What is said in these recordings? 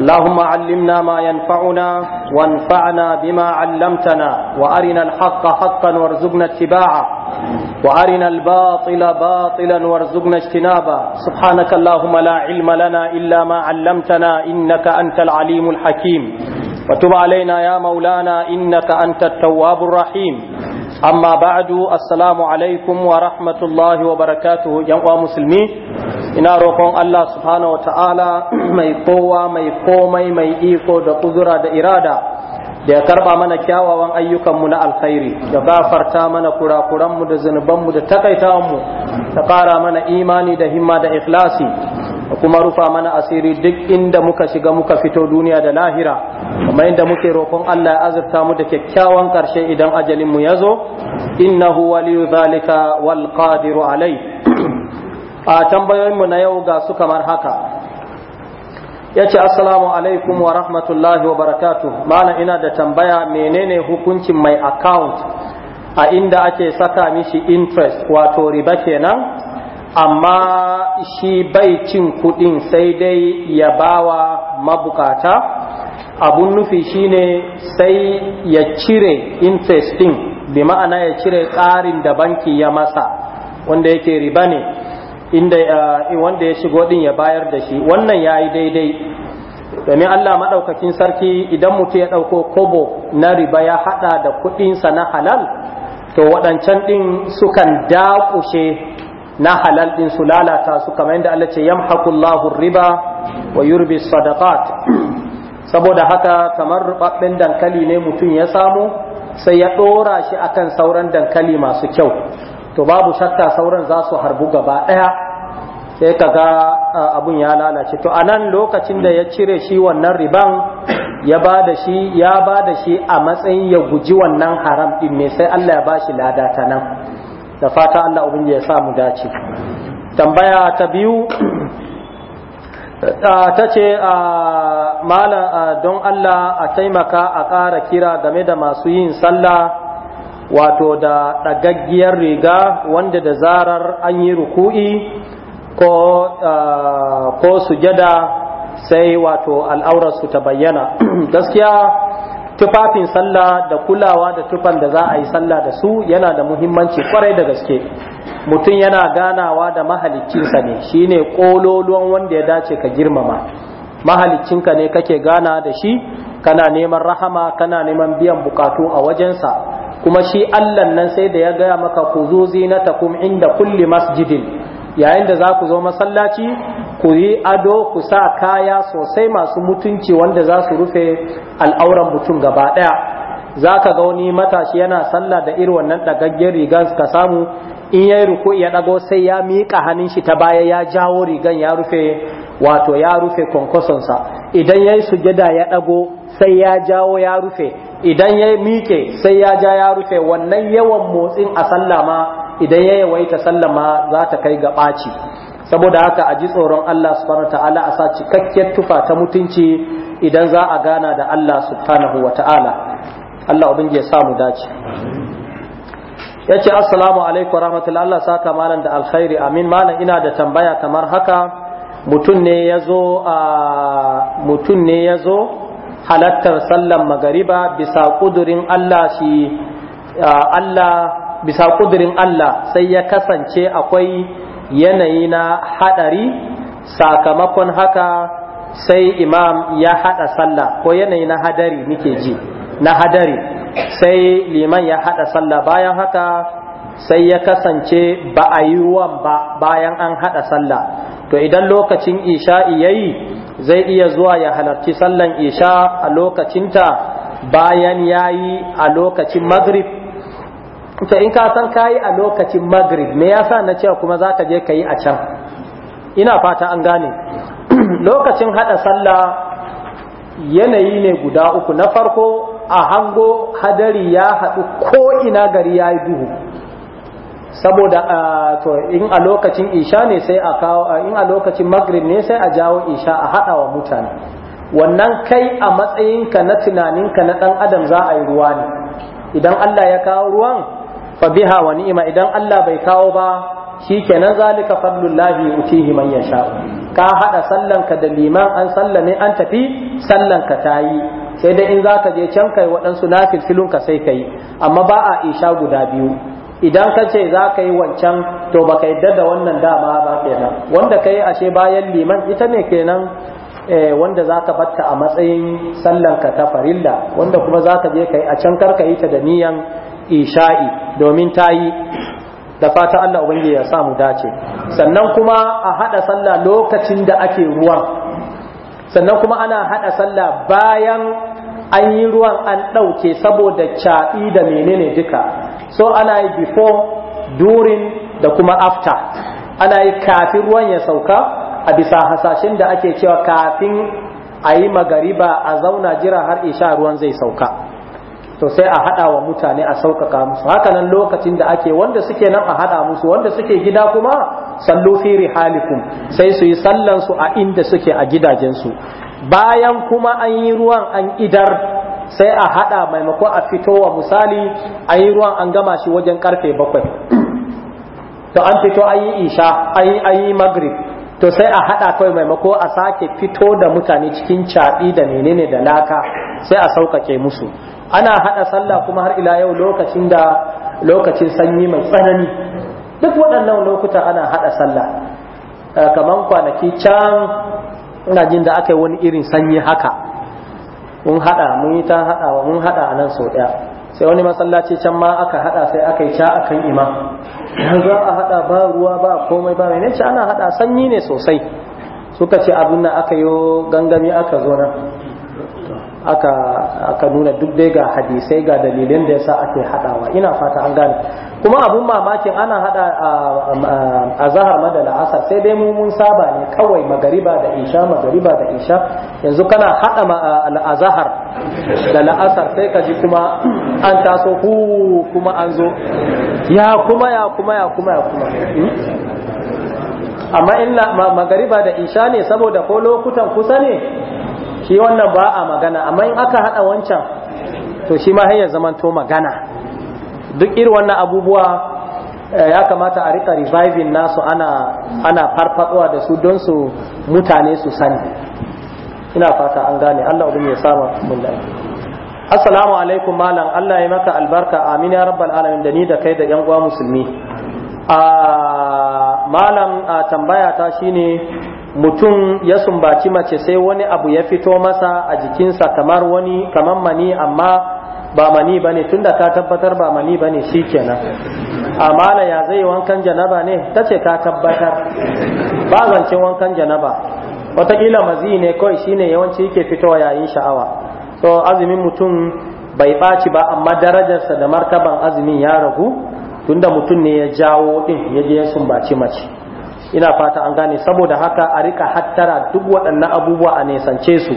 اللهم علمنا ما ينفعنا وانفعنا بما علمتنا وارنا الحق حقا وارزقنا اتباعه وارنا الباطل باطلا وارزقنا اجتنابه سبحانك اللهم لا علم لنا الا ما علمتنا انك انت العليم الحكيم وتب علينا يا مولانا انك انت التواب الرحيم amma ba'du assalamu alaikum wa rahmatullahi wa barakatuhu yan uwa musulmi ina roƙon Allah subhanahu wa ta'ala mai kowa mai komai mai iko da kuzura da irada da ya karba mana kyawawan ayyukanmu na alkhairi da gafarta mana mu da zunubanmu da mu ta ƙara mana imani da himma da ikhlasi da kuma rufa mana asiri duk inda muka shiga muka fito duniya da lahira kamar inda muke roƙon Allah ya azurta mu da kyakkyawan ƙarshe idan ajalin mu ya zo innahu waliyu zalika wal qadiru alai a tambayoyin mu na yau ga su kamar haka yace assalamu alaikum wa rahmatullahi wa barakatuh malam ina da tambaya menene hukuncin mai account a inda ake saka mishi interest wato riba kenan amma shi bai cin kudin sai dai ya bawa mabukata abun nufi shine sai ya cire interesting bi ma'ana ya cire tsarin da banki ya masa wanda yake riba ne inda eh, wanda ya shigo din ya bayar da shi wannan yayi daidai domin Allah maɗaukakin sarki idan mutum ya ɗauko kobo na riba ya haɗa da kuɗinsa na halal to waɗancan ɗin sukan daƙushe na halal ɗin su lalata su kamar yadda Allah ce yamhaqullahu riba wa yurbi sadaqat saboda haka kamar ruɓaɓɓen dankali ne mutum ya samu sai ya ɗora shi akan sauran dankali masu kyau to babu shakka sauran za su harbu gaba ɗaya sai ka ga abun ya lalace to a nan lokacin da ya cire shi wannan riban ya bada shi ya ba shi a matsayin ya guji wannan haram ɗin ne sai Allah ya bashi lada ta nan da fata Allah ubin ya samu dace tambaya ta biyu ta ce a don Allah a taimaka a ƙara kira game da masu yin sallah wato da ɗagaggiyar riga wanda da zarar an yi ruku'i ko sujada sai wato al'aurarsu ta bayyana gaskiya tufafin sallah da kulawa da tufan da za a yi sallah da su yana da muhimmanci kwarai da gaske mutum yana ganawa da mahaliccinsa ne shine kololuwan wanda ya dace ka girmama mahaliccinka ne kake gana da shi kana neman rahama kana neman biyan bukatu a wajensa kuma shi allan nan sai da ya gaya maka ku na takum inda kulli masjidin yayin da za ku zo masallaci ku yi ado ku sa kaya sosai masu mutunci wanda za su rufe al'auran mutum gaba ɗaya za ka ga wani matashi yana sallah da iri wannan ɗagaggen rigan ka samu in ya yi ruku ya dago sai ya miƙa hannun shi ta baya ya jawo rigan ya rufe wato ya rufe kwankwasonsa idan ya yi sujada ya dago, sai ya jawo ya rufe idan ya miƙe sai ya ja ya rufe wannan yawan motsin a sallama idan ya yawaita sallama za ta kai ga ɓaci saboda haka a ji tsoron Allah subhanahu wata'ala a sa cikakkiyar tufa ta mutunci idan za a gana da Allah subhanahu wata'ala Allah ya samu dace ya ce assalamu alaikum rahmatullahi Allah saka malam da alkhairi amin malam ina da tambaya kamar haka mutum ne ya zo a mutum ne ya halattar sallan magariba bisa kudurin Allah shi Allah bisa kudurin Allah sai ya kasance akwai yanayi na haɗari sakamakon haka sai imam ya haɗa sallah ko yanayi na hadari nike ji na hadari sai liman ya haɗa sallah bayan haka sai ya kasance ba a yi ba bayan an haɗa sallah to idan lokacin isha'i yayi zai iya zuwa ya halarci sallan isha a lokacinta bayan yayi a lokacin maghrib to in ka san kayi a lokacin magrib me yasa na ce kuma za ka je ka yi a can ina fata an gane lokacin hada sallah yanayi ne guda uku na farko a hango hadari ya haɗu ko ina gari ya yi duhu saboda to in a lokacin isha ne sai a kawo in a lokacin magrib ne sai a jawo isha a haɗa wa mutane wannan kai a matsayinka na tunaninka na ɗan adam za a yi ruwa ne idan Allah ya kawo ruwan fa biha wa ni'ima idan Allah bai kawo ba shi shikenan zalika fadlullahi yutihi man yasha ka hada sallanka da liman an sallame an tafi sallanka tayi sai dai in zaka je can kai waɗansu filun ka sai kai amma ba a isha guda biyu idan ka ce za yi wancan to baka ka yadda da wannan dama ba kenan wanda ka yi ashe bayan liman ita ne kenan eh, wanda zaka ka batta a matsayin sallanka ta farilla wanda kuma zaka je ka yi a can kar ka yi ta da niyan isha'i domin ta yi da fata Allah ubangiji ya samu dace sannan kuma a hada sallah lokacin da ake ruwan sannan kuma ana hada sallah bayan an yi ruwan an ɗauke saboda cha'i da menene duka so ana yi before during da kuma after ana yi kafin ruwan ya sauka a bisa hasashen da ake cewa kafin a yi magariba a zauna jira har isha ruwan zai sauka to sai a haɗa wa mutane a sauƙaƙa musu hakanan lokacin da ake wanda suke nan a haɗa musu wanda suke gida kuma sallu fi rihalikum sai su yi su a inda suke a gidajensu bayan kuma an yi ruwan an idar sai a haɗa maimako a fito wa misali an yi ruwan an gama shi wajen karfe bakwai to an fito an yi isha an yi magrib to sai a haɗa kai maimako a sake fito da mutane cikin chaɗi da menene da laka sai a sauƙaƙe musu ana hada sallah kuma har ila yau lokacin da lokacin sanyi mai tsanani duk waɗannan lokuta ana hada sallah eh, kaman kwanaki can ina jin da aka yi wani irin sanyi haka mun hada mun yi ta wa mun hada a nan sau daya sai wani masallaci can ma aka hada sai aka yi ca akan imam za a hada ba ruwa ba komai ba menene ana hada sanyi ne sosai suka ce abin nan aka yi gangami aka zo nan aka aka nuna duk dai ga hadisai ga dalilin da yasa ake hadawa ina fata an gane kuma abun mamakin ana hada a zahar madala asar sai dai mun saba ne kawai magariba da isha magariba da isha yanzu kana hada azahar da la'asar sai ka ji kuma an taso ku kuma an zo ya kuma ya kuma ya kuma ya kuma hmm? amma in magariba da isha ne saboda ko lokutan kusa ne shi wannan ba a magana amma in aka hada wancan to shi ma hanyar to magana duk irin wannan abubuwa eh, ya kamata a rika reviving nasu ana ana farfadowa da su don su mutane su sani ina fata an gane Allah ubin ya sama mun assalamu alaikum malam Allah ya maka albarka amin ya rabbal alamin da ni da kai da yan uwa musulmi a ah, malam a ah, tambaya ta shine mutum ya sumbaci mace sai wani abu ya fito masa a jikinsa kamar wani kamar mani amma ba mani bane tunda ka tabbatar ba mani bane shikenan amala ya zai wankan janaba ne tace ka tabbatar ba zancen wankan janaba wataƙila mazi ne kawai shine yawanci yake fitowa yayin sha'awa so azumin mutum bai ɓaci ba amma darajarsa da martaban azumin ya ragu tunda mutum ne ya jawo din ya je ya sumbaci mace ina fata an gane saboda haka a rika hattara duk waɗannan abubuwa a nesance su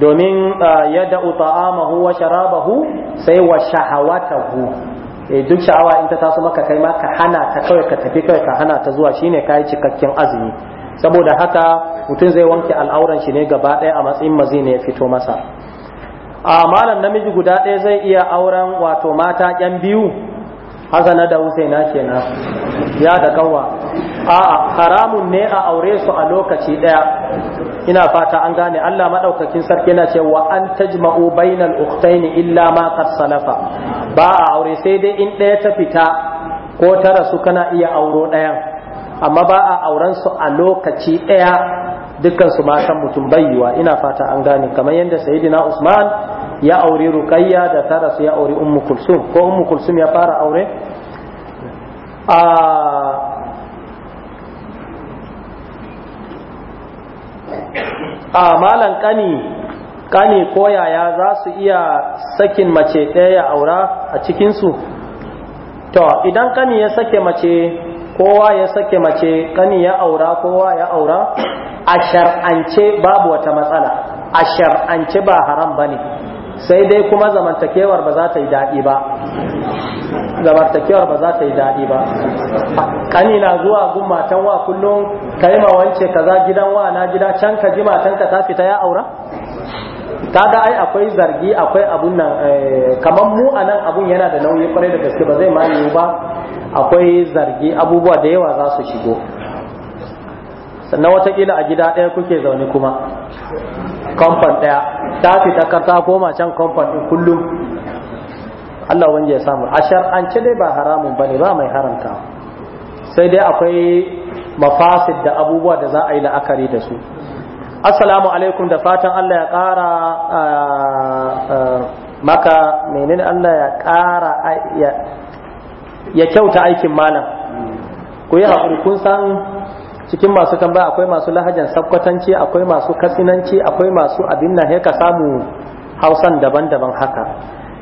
domin uh, ya da'u ta'amahu wa sharabahu sai wa shahawatahu eh, duk sha'awa in ta taso maka kai ma ka hana ta kawai ka tafi kawai ka hana ta zuwa shine kai cikakken azumi saboda haka mutum zai wanke al'auran shi ne gaba ɗaya a matsayin mazi ne ya fito masa a malam namiji guda ɗaya zai iya auren wato mata yan biyu hasana da husaina kenan ya da kanwa a'a haramun ne a aure su a lokaci daya ina fata an gane Allah madaukakin sarki yana ce wa an tajma'u bainal ukhtain illa ma qad ba a aure sai dai in daya ta fita ko ta rasu kana iya auro dayan amma ba a auren su a lokaci daya dukkan su matan mutum bayyuwa ina fata an gane kamar yadda sayyidina Usman ya aure ruqayya da ta rasu ya aure ummu kulsum ko ummu kulsum ya fara aure a a malan kani kani ko yaya za su iya sakin mace ɗaya ya aura a cikinsu to idan kani ya sake mace kowa ya sake mace kani ya aura kowa ya aura a shar'ance babu wata matsala a shar'ance ba haram ba ne sai dai kuma zamantakewar ba za ta yi daɗi ba zamantakewar ba za ta yi daɗi ba kani na zuwa gun matan wa kullum ka yi mawance kaza gidan wa na gida can ka ji matan ka ta fita ya aura Ta kaga ai akwai zargi akwai abun nan eh, kamar mu a nan abun yana da nauyi kwarai da gaske ba zai ma ba akwai zargi abubuwa da yawa za su shigo sannan watakila a gida ɗaya kuke zaune kuma kamfan ɗaya ta fi ka ta koma can ɗin kullum Allah wani ya samu a shar'ance dai ba haramun ba ne ba mai haramta sai dai akwai mafasid da abubuwa da za a yi la'akari da su assalamu alaikum da fatan Allah ya ƙara maka menene Allah ya ƙara ya kyauta aikin malam ku yi haƙuri kun san cikin masu tambaya akwai masu lahajan sakwatanci, akwai masu katsinanci akwai masu abin na heka samu hausan daban-daban haka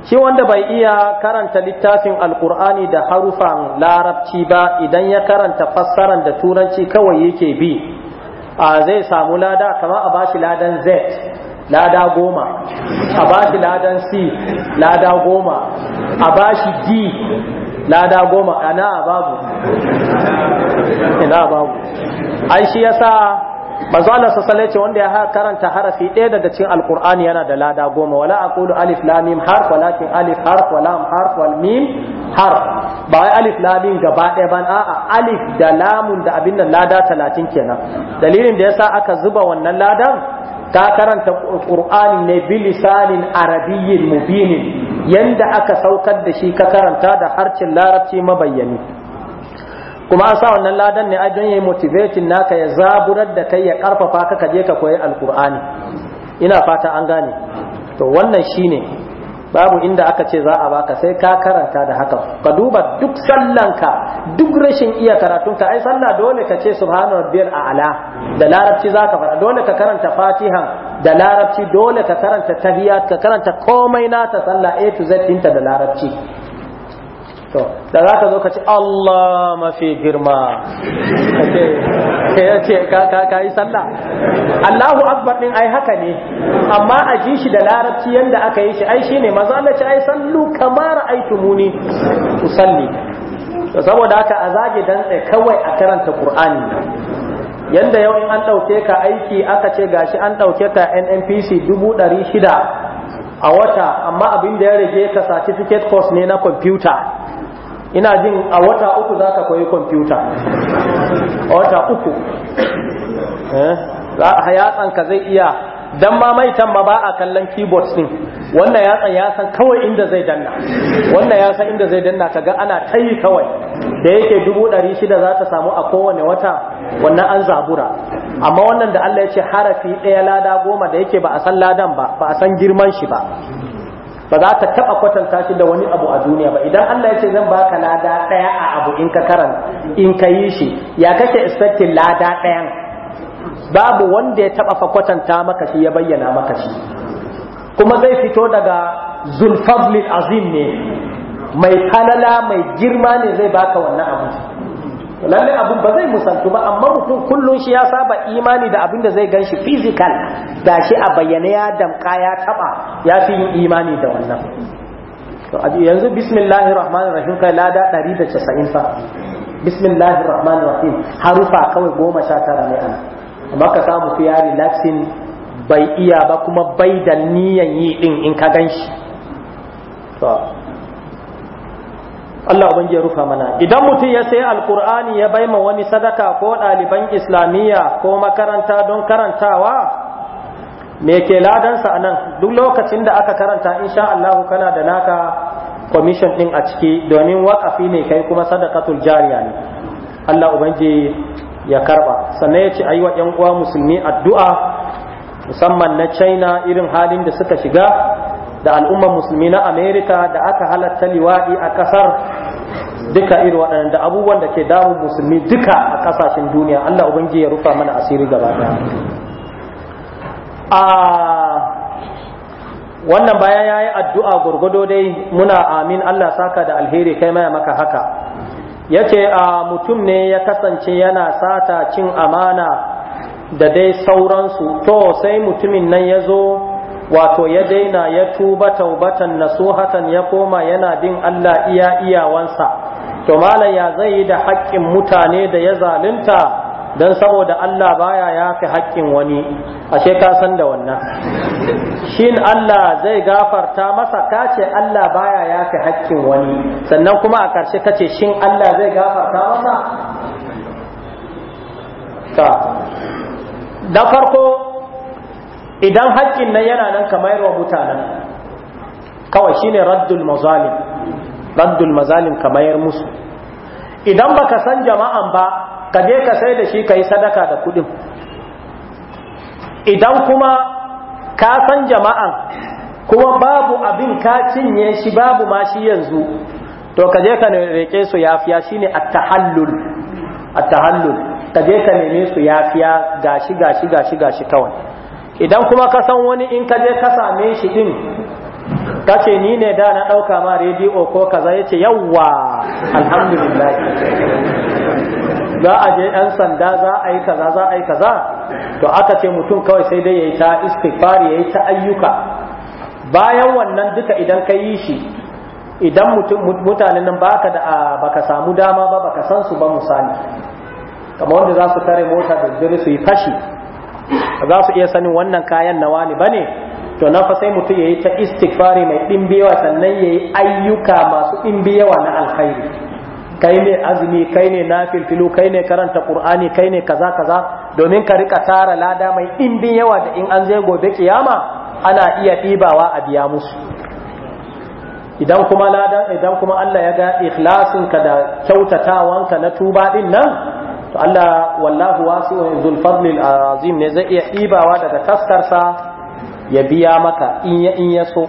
shi wanda bai iya karanta littafin alkur'ani da harufan larabci ba idan ya karanta fassaran da turanci kawai yake bi a zai samu lada kamar a bashi ladan z lada goma a bashi ladan c lada goma a bashi d lada goma ana babu ina babu ai shi yasa manzo Allah sallallahu wanda ya karanta harafi ɗaya daga cikin alqur'ani yana da lada goma wala aqulu alif lam mim harf walakin alif harf wa lam harf wal mim harf ba wai alif lam mim gaba ɗaya ban a'a alif da lamun da abin nan lada 30 kenan dalilin da yasa aka zuba wannan ladan ta karanta qur'ani ne bilisanin arabiyyin mubinin yanda aka saukar da shi ka karanta da harcin larabci mabayyani kuma an sa wannan ladan ne don ya motivating naka ya zaburar da kai ya karfafa ka kaje ka koyi alkur'ani ina fata an gane to wannan shine babu inda aka ce za a baka sai ka karanta da haka ka duba duk sallanka duk rashin iya karatunka ai salla dole ka ce wa rabbiyal a'la da larabci zaka fara dole ka karanta fatiha da larabci dole ka karanta tahiyat ka karanta komai na ta sallah a to z ɗinta da larabci to da za ka zo ka ce Allah mafi girma ka ce ka yi sallah Allahu akbar din ai haka ne amma a ji shi da larabci yadda aka yi shi ai shi ne maza Allah ce ai sallu kamar aitumuni salli. Da saboda haka a zage dan kawai a karanta Kur'ani. Yadda yau in an ɗauke ka aiki aka ce gashi an ɗauke ka nnpc dubu ɗari shida a wata amma abin da ya rage ka certificate course ne na kwamfuta ina jin a wata uku za ka koyi kwamfuta a wata uku eh, ka zai iya dan ma mai ma ba a kallon keyboard din wannan yatsan ya san kawai inda zai danna wannan ya san inda zai danna kaga ana tayi kawai da yake dubu ɗari shida za ta samu a kowane wata wannan an zabura amma wannan da Allah ya ce harafi ɗaya lada goma da yake ba a san ladan ba ba a san girman shi ba ba za ta taba kwatanta shi da wani abu a duniya ba idan Allah ya ce zan baka lada daya a abu in ka karan in ka yi shi ya kake expecting lada dayan babu wanda ya taba fa kwatanta maka shi ya bayyana maka shi kuma zai fito daga zulfadlil azim ne mai falala mai girma ne zai baka wannan abu lalle abun ba zai musantu ba amma mutum kullun shi ya saba imani da abin da zai ganshi physical da shi a bayyane ya damka ya taba ya fi yin imani da wannan to yanzu bismillahir rahmanir rahim kai lada 190 fa bismillahir rahmanir rahim harufa kawai goma sha tara ne ana amma ka samu fiyari relaxing bai iya ba kuma bai da niyan yi din in ka ganshi Allah ubangiji ya rufa mana idan mutum ya sayi alkur'ani ya bai ma wani sadaka ko ɗaliban islamiyya ko makaranta don karantawa me ke ladansa a nan duk lokacin da aka karanta insha Allah kana da naka commission din a ciki domin waƙafi ne kai kuma sadaqatul jariya ne Allah ubangiji ya karba sannan ya ce ayi wa yan uwa musulmi addu'a musamman na China irin halin da suka shiga da al'ummar musulmi na Amerika da aka halatta liwaɗi a ƙasar duka iri waɗannan da abubuwan da ke damun musulmi duka a ƙasashen duniya allah ubangiji ya rufa mana asiri gaba ɗaya wannan baya ya yi addu'a gwargwado dai muna amin Allah saka da alheri kai maya maka haka ya ce a mutum ne ya kasance yana sata cin amana da dai sauransu to sai mutumin nan ya zo wato ya daina ya tuba taubatan nasuhatan ya koma yana bin Allah iya iyawansa to malam ya zai yi da haƙƙin mutane da ya zalunta don saboda Allah baya ya fi haƙƙin wani ashe ka san da wannan shin Allah zai gafarta masa kace Allah baya ya fi haƙƙin wani sannan kuma a ƙarshe kace shin Allah zai gafarta masa ta da farko idan hakkin nan yana nan kamar wa mutanen kawai shine raddul mazalim raddul mazalim kamar musu idan baka san jama'an ba ka je ka sai da shi ka yi sadaka da kuɗin idan kuma ka san jama'an kuma babu abin ka cinye shi babu ma shi yanzu to ka je ka reke su yafiya shine at-tahallul at-tahallul ka je ka neme su yafiya gashi gashi gashi gashi kawai idan kuma ka san wani in ka je ka same shi din ka ce ni ne da na ɗauka ma rediyo ko kaza ya ce yawwa alhamdulillah za a je ɗan sanda za a yi kaza za a yi kaza to aka ce mutum kawai sai dai ya yi ta istighfari ya yi ta ayyuka bayan wannan duka idan ka yi shi idan mutanen nan baka da baka samu dama ba baka san su ba misali kamar wanda za su tare mota da jirgin su yi fashi za su iya sanin wannan kayan nawa ne bane to na fa sai mutum yayi ta istighfari mai dimbiyawa sannan yayi ayyuka masu dimbiyawa na alkhairi kai ne azumi kai ne nafilfilu kai ne karanta kur'ani kai ne kaza kaza domin ka rika tara lada mai dimbiyawa da in an zai gobe kiyama ana iya ɗibawa a biya musu idan kuma lada idan kuma Allah ya ga ka da kyautatawanka na tuba din nan to Allah wallahu wa dhul fadli azim ne zai iya ɗibawa daga taskarsa ya biya maka in ya in ya so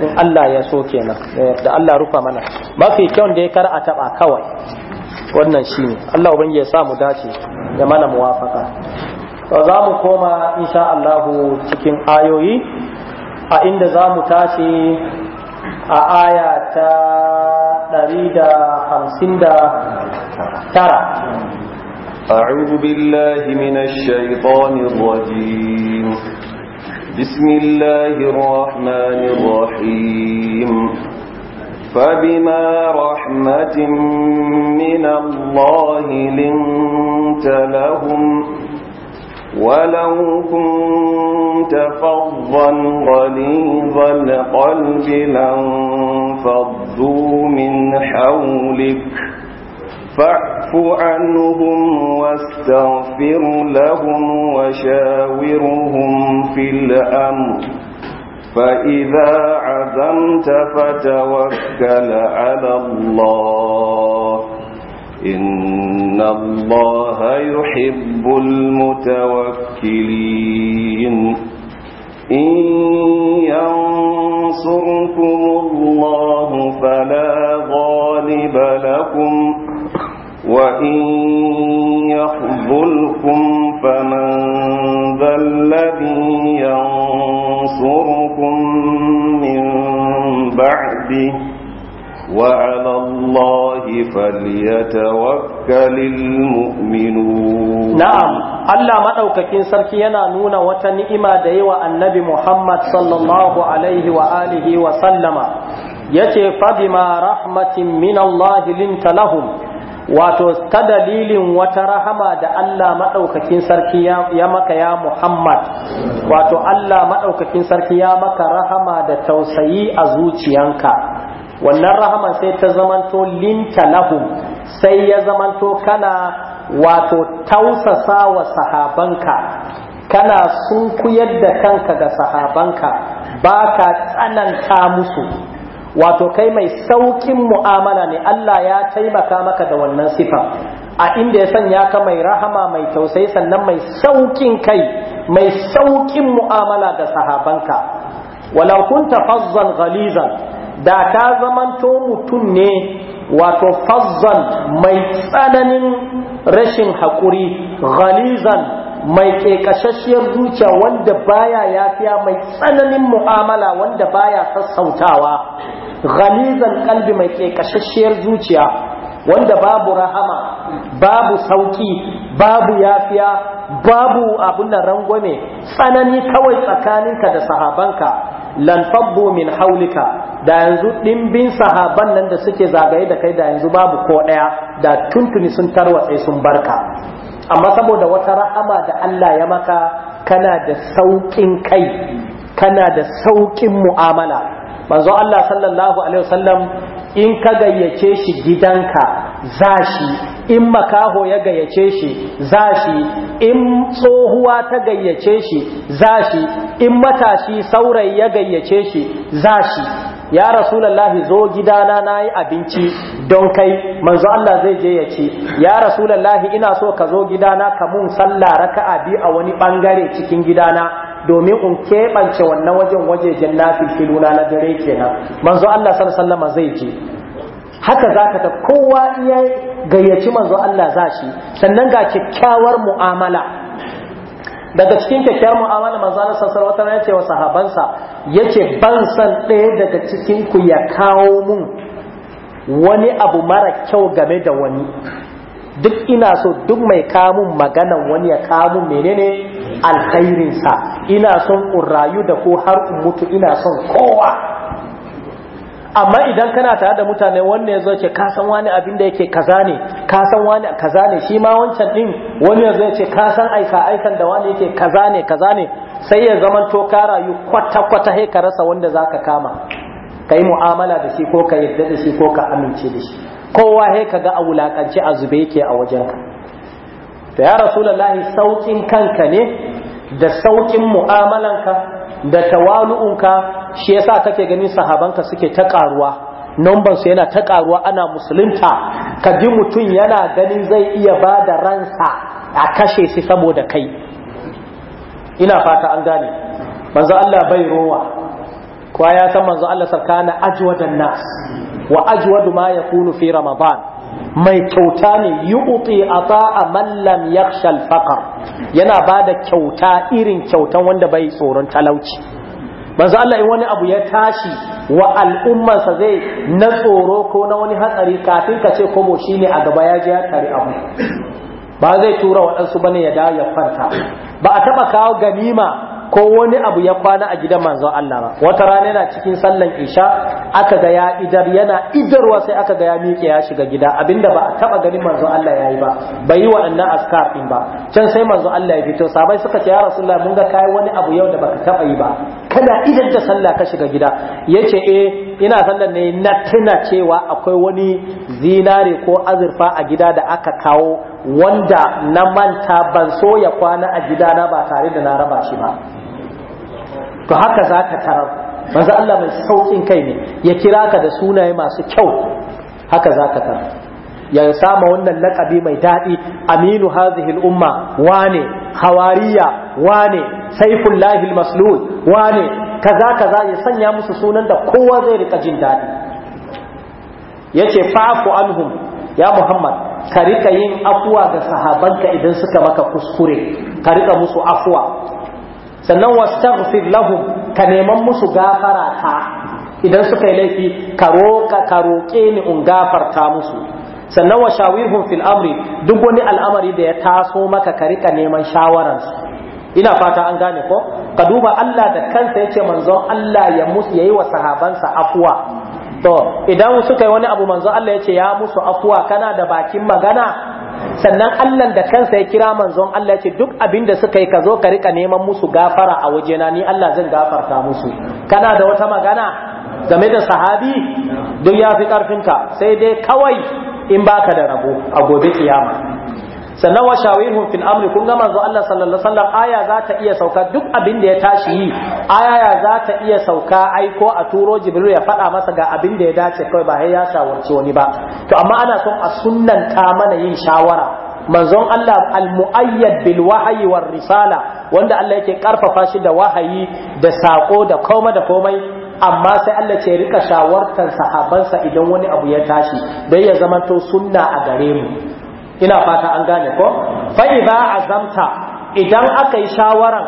in Allah ya so kenan eh, da Allah rufa mana mafi kyau da ya kar a taba kawai wannan shine Allah ubangiji ya sa mu dace ya mana muwafaka to za mu koma insha Allah cikin ayoyi a inda za mu tashi a aya ta 159 أعوذ بالله من الشيطان الرجيم بسم الله الرحمن الرحيم فبما رحمة من الله لنت لهم ولو كنت فظا غليظ القلب لانفضوا من حولك فاعف عنهم واستغفر لهم وشاورهم في الأمر فإذا عزمت فتوكل على الله إن الله يحب المتوكلين إن ينصركم الله فلا غالب لكم وإن يخذلكم فمن ذا الذي ينصركم من بعده وعلى الله فليتوكل المؤمنون نعم Allah maɗaukakin sarki yana nuna wata ni'ima da yawa annabi Muhammad sallallahu alaihi wa alihi wa sallama yace fa bima rahmatin min Allah linta lahum wato ta dalilin wata rahama da Allah maɗaukakin sarki ya maka ya Muhammad wato Allah maɗaukakin sarki ya maka rahama da tausayi a zuciyanka wannan rahaman sai ta zamanto linta lahum sai ya zamanto kana wato tausasa wa sahabanka kana sunkuyar da kanka ga sahabanka ba ka tsananta musu wato kai mai saukin mu'amala ne Allah ya taimaka maka da wannan sifa a inda ya sanya ka mai rahama mai tausayi sannan mai saukin kai mai saukin mu'amala da sahabanka walau kunta fazzan ghalizan da ka zamanto mutum ne wato fazzan mai tsananin rashin haƙuri ghalizan mai ƙeƙashashiyar zuciya wanda baya yafiya mai tsananin mu'amala wanda baya sassautawa ghalizan kalbi mai ƙeƙashashiyar zuciya wanda babu rahama babu sauki babu yafiya babu abun da rangwame tsanani kawai tsakaninka da sahabanka lanfabbu min haulika da yanzu ɗimbin sahaban nan da suke zagaye da kai da yanzu babu ko ɗaya da tuntuni sun tarwatse sun barka amma saboda wata rahama da Allah ya maka kana da sauƙin kai kana da sauƙin mu'amala manzo Allah sallallahu alaihi wasallam in ka gayyace shi gidanka zashi, in makaho ya gayyace shi zashi, in tsohuwa ta gayyace shi zashi, in matashi saurayi ya gayyace shi zashi. ya rasulallahi zo gidana na yi abinci don kai manzo Allah zai je ya ce. ya rasulallahi ina so ka zo gidana ka mun sallah raka'a biyu a wani bangare cikin gidana domin in keɓance wannan wajen wajejen nafi filuna na dare kenan manzo Allah sallallahu zai je haka zaka ta kowa iya gayyaci manzo Allah za shi sannan ga kyakkyawar mu'amala daga cikin kyakkyawar mu'amala manzo Allah sallallahu alaihi wasallam ya ce wa sahabansa yace ban san ɗaya daga cikin ku ya kawo mun wani abu mara kyau game da wani duk ina so duk mai kamun maganan wani ya kamun menene alkhairinsa ina son in rayu da ko har in mutu ina son kowa amma idan kana tare da mutane wannan ya zo ce ka san wani abin da yake kaza ne ka san wani kaza ne shi ma wancan din wani ya zo ya ce ka san aika aikan da wani yake kaza ne kaza ne sai ya zaman to ka rayu kwata kwata he ka rasa wanda zaka kama kai mu'amala da shi ko ka yarda da shi ko ka amince da shi kowa he ka ga a wulakance a zube yake a wajen ka to ya rasulullahi saukin kanka ne da saukin mu'amalan ka. da tawalu'unka shi yasa kake ganin sahabanka suke ta karuwa numban yana ta karuwa ana musulunta ka ji mutum yana ganin zai iya ba da ransa a kashe shi saboda kai ina fata an gane manzo Allah bai rowa kuwa ya san manzo Allah sarkana ajwadan nas wa ajwadu ma yakunu fi ramadan mai kyauta ne yi uti a lam mallam ya shalfakar yana da kyauta irin kyautan wanda bai tsoron talauci banzu Allah in wani abu ya tashi wa al'ummarsa zai na tsoro ko na wani hatsari kafin ka ce komo ne a gaba ya ji ya tare abu ba zai tura waɗansu bane ya da ya kwanta ba a taɓa kawo ganima ko wani abu ya kwana a gidan manzon Allah ba wata rana yana cikin sallan isha aka ga ya idar yana idarwa sai aka ga ya miƙe ya shiga gida abinda ba a taba ganin manzon Allah yayi yi ba bai yi waɗannan askar din ba can sai manzon Allah ya fito sabai suka ce ya rasulullahi mun ga kai wani abu yau da baka taba yi ba kana idan da sallah ka shiga gida yace eh ina sallan ne na tuna cewa akwai wani zinare ko azurfa a gida da aka kawo wanda na manta ban so ya kwana a gidana ba tare da na raba shi ba to haka za ka tarar manzo Allah mai sauƙin kai ne ya kira ka da sunaye masu kyau haka za ka tarar ya sama wannan laƙabi mai daɗi aminu hazihil umma wane hawariya wane saifullahil maslul wane kaza kaza ya sanya musu sunan da kowa zai rika jin daɗi yace fa'fu anhum ya muhammad ka rika yin afuwa ga sahabanka idan suka maka kuskure ka rika musu afuwa sannan wastaghfir lahum ka neman musu gafara ta idan suka yi laifi ka roƙa ka roƙe ni in gafarta musu sannan wa shawirhum fil amri duk wani al'amari da ya taso maka ka rika neman su ina fata an gane ko ka duba Allah da kansa yace manzon Allah ya musu yayi wa sahabansa afuwa to idan suka yi wani abu manzon Allah yace ya musu afuwa kana da bakin magana sannan Allah da kansa ya kira manzon Allah ce duk abin da suka yi ka zo ka rika neman musu gafara a wajena ni Allah zan gafarta musu kana da wata magana game da sahabi duk ya fi karfinka sai dai kawai in baka da rabo a gobe kiyama sannan wa shawihun fil amri kun ga manzo Allah sallallahu alaihi wasallam aya za ta iya sauka duk abin da ya tashi yi aya za ta iya sauka ai ko a turo jibril ya faɗa masa ga abin da ya dace kai ba sai ya shawarci wani ba to amma ana son a sunnanta mana yin shawara manzon Allah al-muayyad bil wahyi war risala wanda Allah yake karfafa shi da wahayi da sako da koma da komai amma sai Allah ce rika shawartar sahabansa idan wani abu ya tashi dai ya zamanto sunna a gare mu ina fata an gane ko fa idza azamta idan aka yi shawaran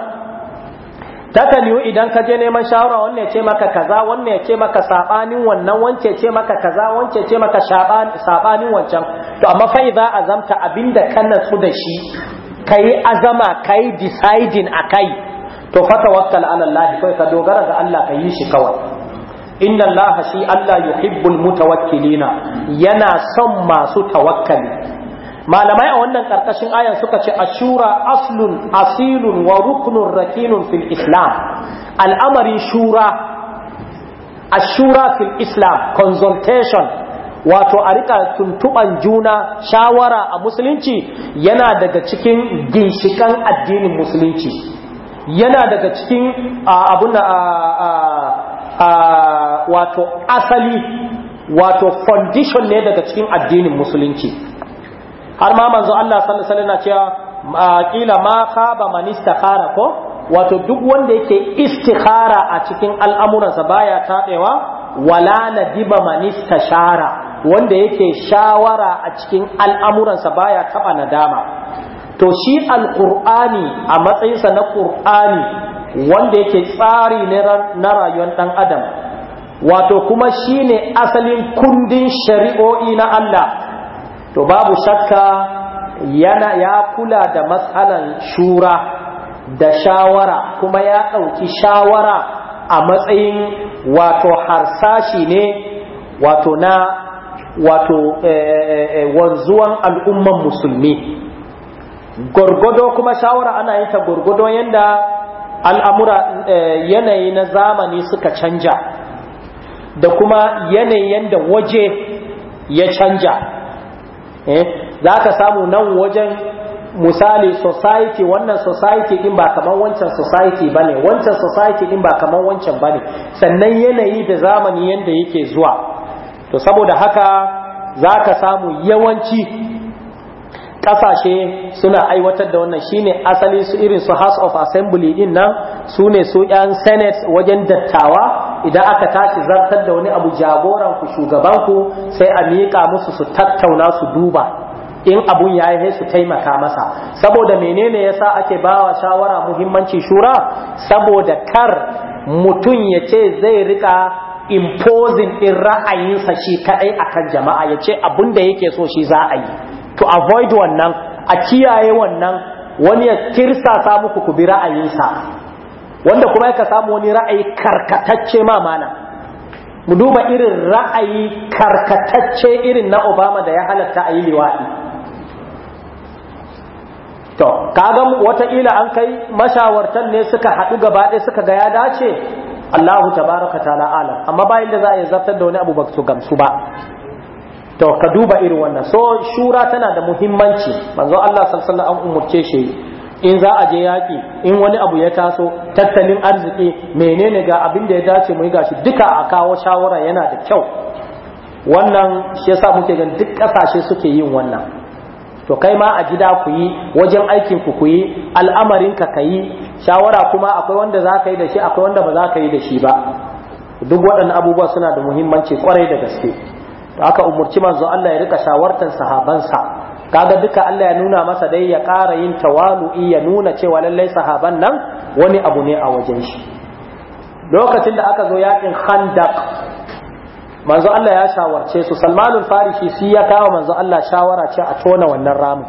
takaliyu idan ka je neman shawara wanne ce maka kaza wanne ce maka sabanin wannan wance ce maka kaza wance ce maka sabanin wancan to amma fa idza azamta abinda kan su da shi ka yi azama ka yi kai a kai to fa tawakkal ala Allah kai ka dogara ga Allah ka yi shi kawai inna Allah shi Allah yuhibbul mutawakkilina yana son masu tawakkali malamai a wannan karkashin ayan suka ce ashura aslun asilun wa ruknun rakinun fil islam al'amarin shura ashura fil islam consultation wato a rika tuntuban juna shawara a musulunci yana daga cikin ginshikan addinin musulunci yana daga cikin abun da wato asali wato foundation ne daga cikin addinin musulunci har ma manzo Allah sallallahu alaihi wasallam cewa kila ma khaba man istakhara ko wato duk wanda yake istikhara a cikin al'amuransa baya taɗewa, wala nadiba man istashara wanda yake shawara a cikin al'amuransa baya taba nadama to shi alqur'ani a matsayinsa na qur'ani wanda yake tsari ne na rayuwar dan adam wato kuma shine asalin kundin shari'o'i na Allah to babu shakka yana ya kula da matsalan shura da shawara kuma ya ɗauki shawara a matsayin wato harsashi ne wato na wato eh, eh, eh, wanzuwan al'umman musulmi gorgodo kuma shawara ana yin ta gorgodo yadda al'amura yanayi na zamani suka canja da kuma yanayin da waje ya canja Eh, za ka samu nan wajen misali society wannan society din ba kaman wancan society bane wancan society din ba kamar wancan bane sannan yanayi da zamani yanda yake zuwa to saboda haka za ka samu yawanci kasashe suna aiwatar da wannan shine asali su irin su house of assembly din nan su ne su yan senate wajen dattawa idan aka tashi zartar da wani abu jagoran ku shugaban ku sai a miƙa musu su tattauna su duba in abun yayi su taimaka masa saboda menene yasa ake bawa shawara muhimmanci shura saboda kar mutum ya ce zai rika imposing din ra'ayinsa shi kadai akan jama'a ya ce abun da yake so shi za a yi to avoid wannan a kiyaye wannan wani ya kirsa sa muku ku bi ra'ayinsa wanda kuma yaka samu wani ra'ayi karkatacce ma malam mu duba irin ra'ayi karkatacce irin na obama da ya halatta a yi liwaɗi to wata wataƙila an kai mashawartan ne suka haɗu gaba ɗaya suka ga ya dace allahu tabaraka ta'ala alam amma bayan da za a yi zartar da wani abu ba su gamsu ba to ka duba irin wannan so shura tana da muhimmanci manzo allah sallallahu alaihi wasallam an umurce shi in za a je yaƙi in wani abu ya taso tattalin arziki menene ga abin da ya dace mu yi gashi duka a kawo shawara yana da kyau wannan shi yasa muke gan duk ƙasashe suke yin wannan to kai ma a gida ku yi wajen aikin ku yi al'amarin ka kayi shawara kuma akwai wanda za ka yi da shi akwai wanda ba za ka yi da shi ba duk waɗannan abubuwa suna da muhimmanci kwarai da gaske to aka umurci manzo Allah ya rika shawartar sahabansa kaga duka Allah ya nuna masa dai ya ƙara yin tawalu'i ya nuna cewa lallai sahaban nan wani abu ne a wajen shi lokacin da aka zo yakin khandaq manzo Allah ya shawarce su Salmanul Farisi shi ya kawo manzo Allah shawara ce a tona wannan ramin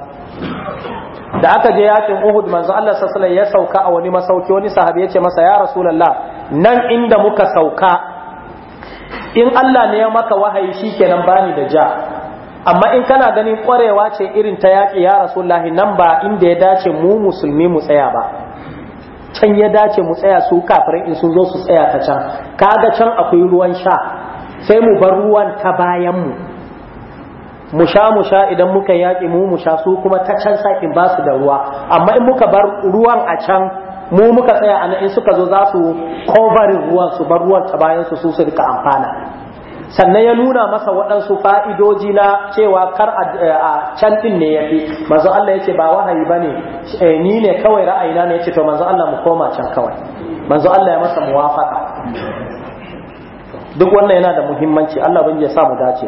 da aka je yakin Uhud manzo Allah sallallahu ya sauka a wani masauki wani sahabi yace masa ya Rasulullah nan inda muka sauka in Allah ne ya maka wahayi shikenan bani da ja amma in kana ganin kwarewa ce irin ta yaki, ya rasulullahi nan ba inda ya dace mu musulmi mu tsaya ba can ya dace mu tsaya su kafirin in sun zo su tsaya ta can kaga can akwai ruwan sha sai mu bar ruwan ta bayan mu mu sha mu sha idan muka yaki mu mu sha su kuma ta can in ba su da ruwa amma in muka bar ruwan a can mu muka tsaya a in suka zo za su kovarin ruwan su bar ruwan ta bayan su su rika amfana sannan ya nuna masa waɗansu fa'idoji na cewa kar a eh, can ɗin ne ya fi manzo Allah ya ce ba wahayi ba ne eh, ni ne kawai ra'ayina ne ya ce to manzo Allah mu koma can kawai manzo Allah ya masa muwafaka duk wannan yana da muhimmanci Allah bin ya sa mu dace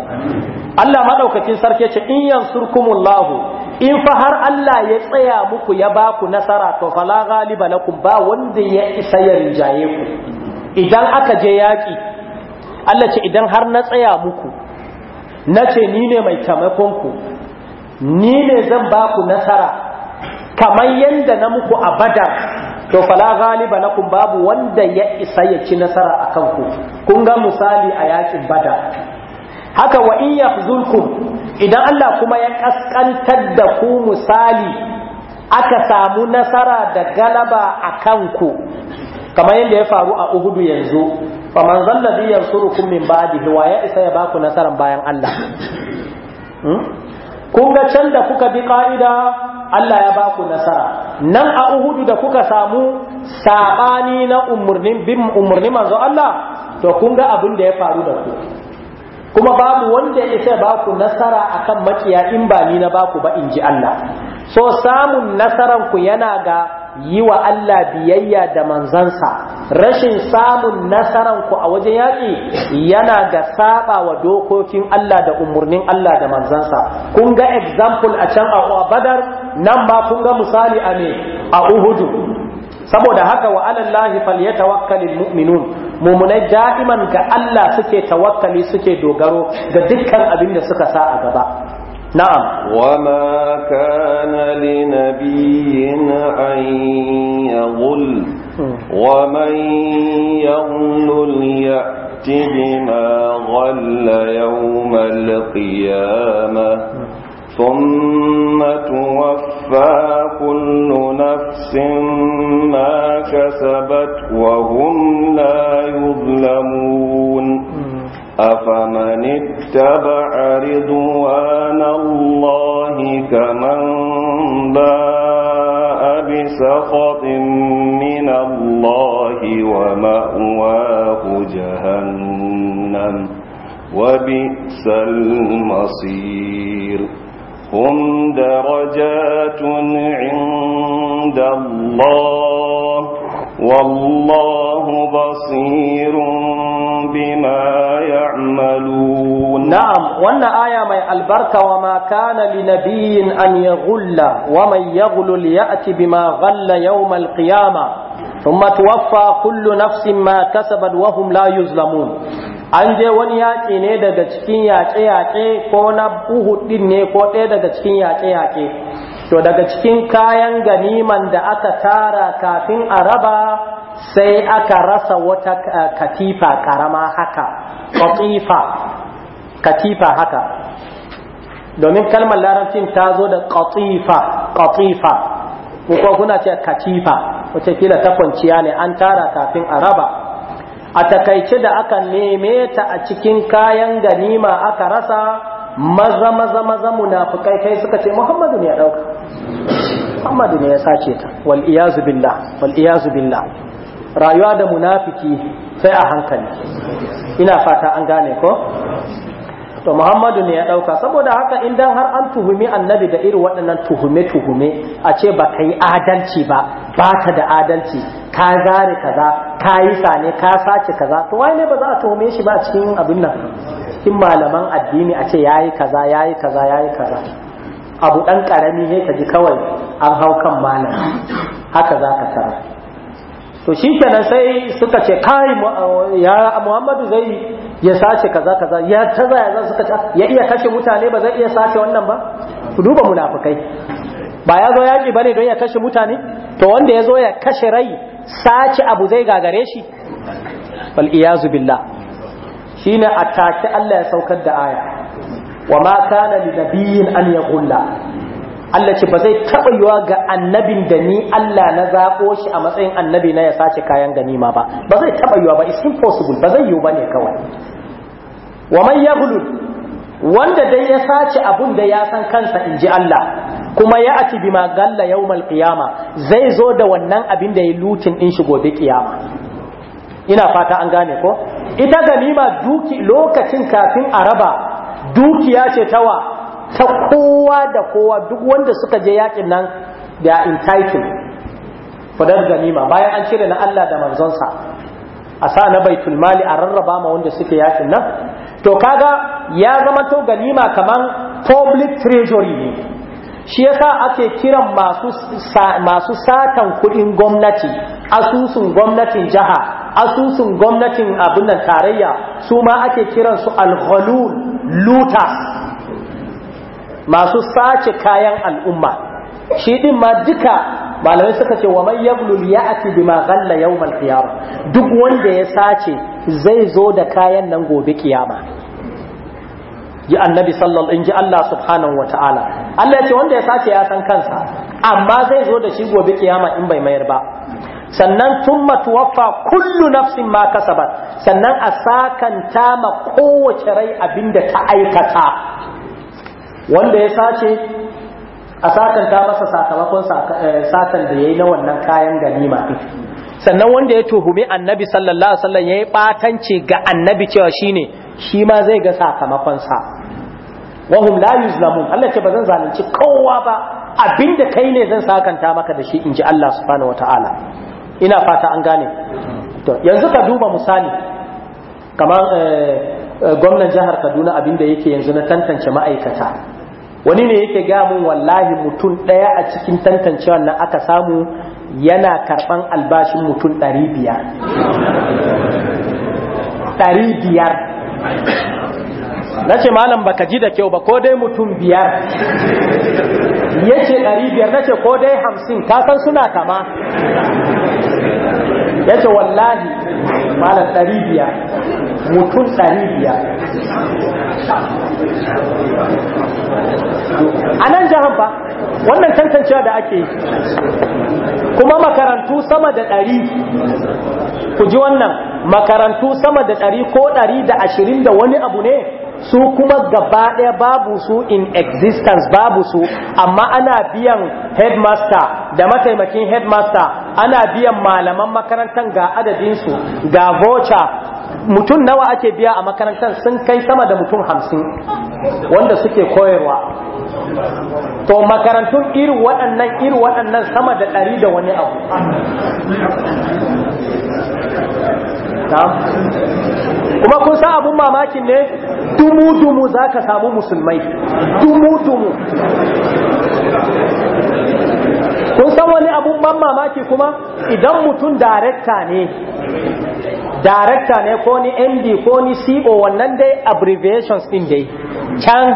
Allah madaukakin sarki ya ce in yansurkumullahu in fa har Allah ya tsaya muku ya ba ku nasara to fala ghaliba lakum ba wanda ya isa ya rinjaye ku idan aka je yaƙi Allah ce idan har na tsaya muku na ce ni ne mai taimakonku ni ne zan ba ku nasara kamar yadda na muku a badar to fala galiba na kun babu wanda ya isa ya ci nasara a kanku kun ga misali a yakin badar haka wa in yahzulkum idan Allah kuma ya kaskantar da ku misali aka samu nasara da galaba a kanku kamar yadda ya faru a uhudu yanzu fa man zalla bi yansurukum min ba'dihi wa ya isa ya baku nasaran bayan Allah hmm? kun ga can da kuka bi ka'ida Allah ya baku nasara nan a uhudu da kuka samu sabani na umurnin bin umurnin manzo Allah to kun ga abin da ya faru da ku kuma babu wanda ya isa ya baku nasara akan makiya in ba ni na baku ba in ji Allah so samun nasaran ku yana ga yi wa Allah biyayya da manzansa rashin samun nasaran ku a wajen yaƙi yana ga saba wa dokokin Allah da umarnin Allah da manzansa kun ga example a can a Badar nan ba kun ga misali a ne a Uhudu saboda haka wa alallahi falyatawakkalul mu'minun mumunai da'iman ga Allah suke tawakkali suke dogaro ga dukkan abin da suka sa a gaba نعم وما كان لنبي أن يغل ومن يغل يأت بما غل يوم القيامة ثم توفى كل نفس ما كسبت وهم لا يظلمون أفمن اتبع رضوان الله كمن باء بسخط من الله ومأواه جهنم وبئس المصير هم درجات عند الله والله بصير بما يعملون نعم وانا آية ما البركة وما كان لنبي أن يغل ومن يغل ليأتي بما غل يوم القيامة ثم توفى كل نفس ما كسبت وهم لا يظلمون an je wani yaƙi ne daga cikin yaƙe-yaƙe ko na buhu ɗin ne ko ɗaya daga cikin yaƙe-yaƙe to daga cikin kayan ganiman da aka tara kafin a raba sai aka rasa wata eh, katifa karama haka katifa katifa haka domin kalmar larabcin ta zo da katifa-katifa, ko kuna ce katifa wace kila ta kwanciya ne an tara kafin a raba a takaice da aka neme ta a cikin kayan ganima aka rasa maza maza maza munafukai kai suka ce muhammadu ne ya dauka Muhammadu ne ya sace ta wal iyazu billah wal billah rayuwa da munafiki sai a hankali ina fata an gane ko to Muhammadu ne ya dauka saboda haka idan har an tuhumi annabi da irin waɗannan tuhume tuhume a ce ba ka yi adalci ba ba ka da adalci ka zare kaza ka yi sane ka sace kaza to wai ne ba za a tuhume shi ba cikin abin nan in malaman addini a ce yayi kaza yayi kaza yayi kaza abu ɗan ƙarami ne ka ji kawai an hau kan malam haka za ka tara to shi kenan sai suka ce kai ya muhammadu zai ya sace kaza kaza ya ta ya za suka ce ya iya kashe mutane ba zai iya sace wannan ba ku duba munafukai ba ya zo yaƙi bane don ya kashe mutane to wanda ya zo ya kashe rai sace abu zai gagare shi bal iyazu billah shine attake Allah ya saukar da aya wa ma kana li nabiyyin an yaqulla Allah ce ba zai taɓa yiwa ga annabin da ni Allah na zaƙo shi a matsayin annabi na ya sace kayan ganima ba ba zai taɓa yiwa ba it's impossible ba zai yiwu ba kawai wa man yaqulu wanda dai ya sace abun da ya san kansa in ji Allah kuma ya ati ma galla yawmal qiyama zai zo da wannan abin da ya lutin in shi gobe kiyama ina fata an gane ko ita ganima duki lokacin kafin araba dukiya ce tawa ta kowa da kowa duk wanda suka je yakin nan da entitled fadar ganima bayan an cire na Allah da manzonsa a sa na baitul mali a rarraba ma wanda suke yakin nan to kaga ya zama to ganima kaman public treasury ne shi yasa ake kiran masu satan kudin gwamnati asusun gwamnatin jiha asusun gwamnatin abin nan tarayya su ma ake kiran su luta masu sace kayan al'umma shi ɗin ma duka malamai suka ce wa man yablul ya'ti bima ghalla yawmal qiyama duk wanda ya sace zai zo da kayan nan gobe kiyama ji annabi sallallahu inji Allah subhanahu wa ta'ala Allah ya ce wanda ya sace ya san kansa amma zai zo da shi gobe kiyama in bai mayar ba sannan thumma tuwaffa kullu nafsin ma kasabat sannan a sakanta ma kowace rai abinda ta aikata wanda ya sace a sakanta masa sakamakon eh, satan da yayi na wannan kayan ganima sannan wanda ya tuhumi annabi sallallahu alaihi wasallam yayi batanci ga annabi cewa shine shi ma zai ga sakamakon sa wahum la yuzlamun Allah ce ba zan zalunci kowa ba abinda kai ne zan sakanta maka da shi in ji Allah subhanahu wataala ina fata an gane yanzu ka duba misali kamar eh, eh, gwamnan jihar kaduna abinda yake yanzu na tantance ma'aikata wani ne yake mun wallahi mutum ɗaya a cikin tantancewa na aka samu yana karban albashin mutum ɗari biyar ɗari biyar na ce malam baka ji da kyau ba ko dai mutum biyar ya ce ɗari biyar na ce ko dai hamsin kasan suna kama ya ce wallahi malar ɗari biyar mutum ɗari biyar a nan jihar ba wannan tantancewa da ake yi kuma makarantu sama da ɗari ku ji wannan makarantu sama da ɗari ko ɗari da ashirin da wani abu ne su kuma gaba ɗaya babu su in existence babu su amma ana biyan headmaster da mataimakin headmaster ana biyan malaman makarantar ga adadinsu ga voca mutum nawa ake biya a makarantar sun kai sama da mutum hamsin wanda suke koyarwa to makarantun irin waɗannan irin waɗannan sama da ɗari da wani abu kuma kun sa abun mamakin ne dumu-dumu za ka samu musulmai dumu-dumu kun san wani abun ban mamaki kuma idan mutum darekta ne darekta ne ko ni md ko ni co wannan dai abbreviations din dai can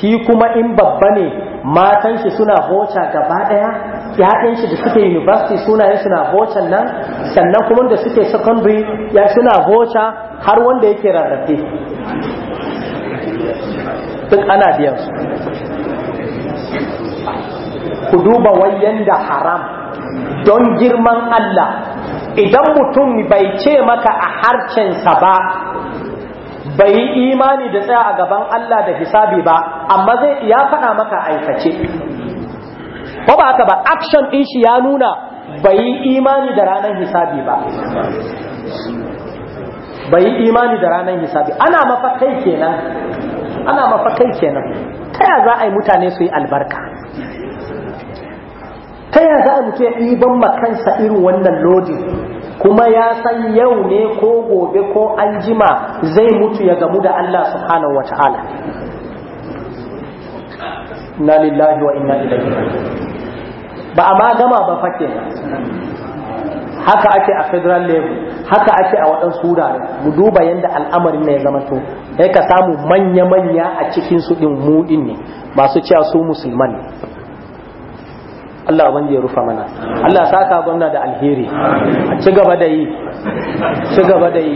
shi kuma in babba ne matan shi suna hoca gaba daya ‘ya'yan shi da suke university sunayen suna hocan nan sannan kuma da suke secondary ya suna hoca har wanda yake rarrafe duk ana biyan su ku duba wayan da haram don girman Allah idan mutum bai ce maka a sa ba bai yi imani da tsaya a gaban Allah da hisabi ba amma zai iya faɗa maka aikace ko ba haka ba action ɗin shi ya nuna bai yi imani da ranar hisabi ba bai imani da ranar hisabi ana mafakai kenan ana mafakai kenan ta za a yi mutane su yi albarka ta ya za a mutu ya ɗiban makansa irin wannan lodin kuma ya san yau ne ko gobe ko an zai mutu ya gamu da Allah subhanahu wa ta'ala na lillahi wa inna ilaihi ba a ma gama ba fake haka ake a federal level haka ake a waɗansu wurare mu duba yadda al'amarin na ya zama to ya ka samu manya-manya a cikin su ɗin mudin ne masu cewa su musulman Allah wanda ya rufa mana Allah saka gwamna da alheri a ci gaba da yi ci gaba da yi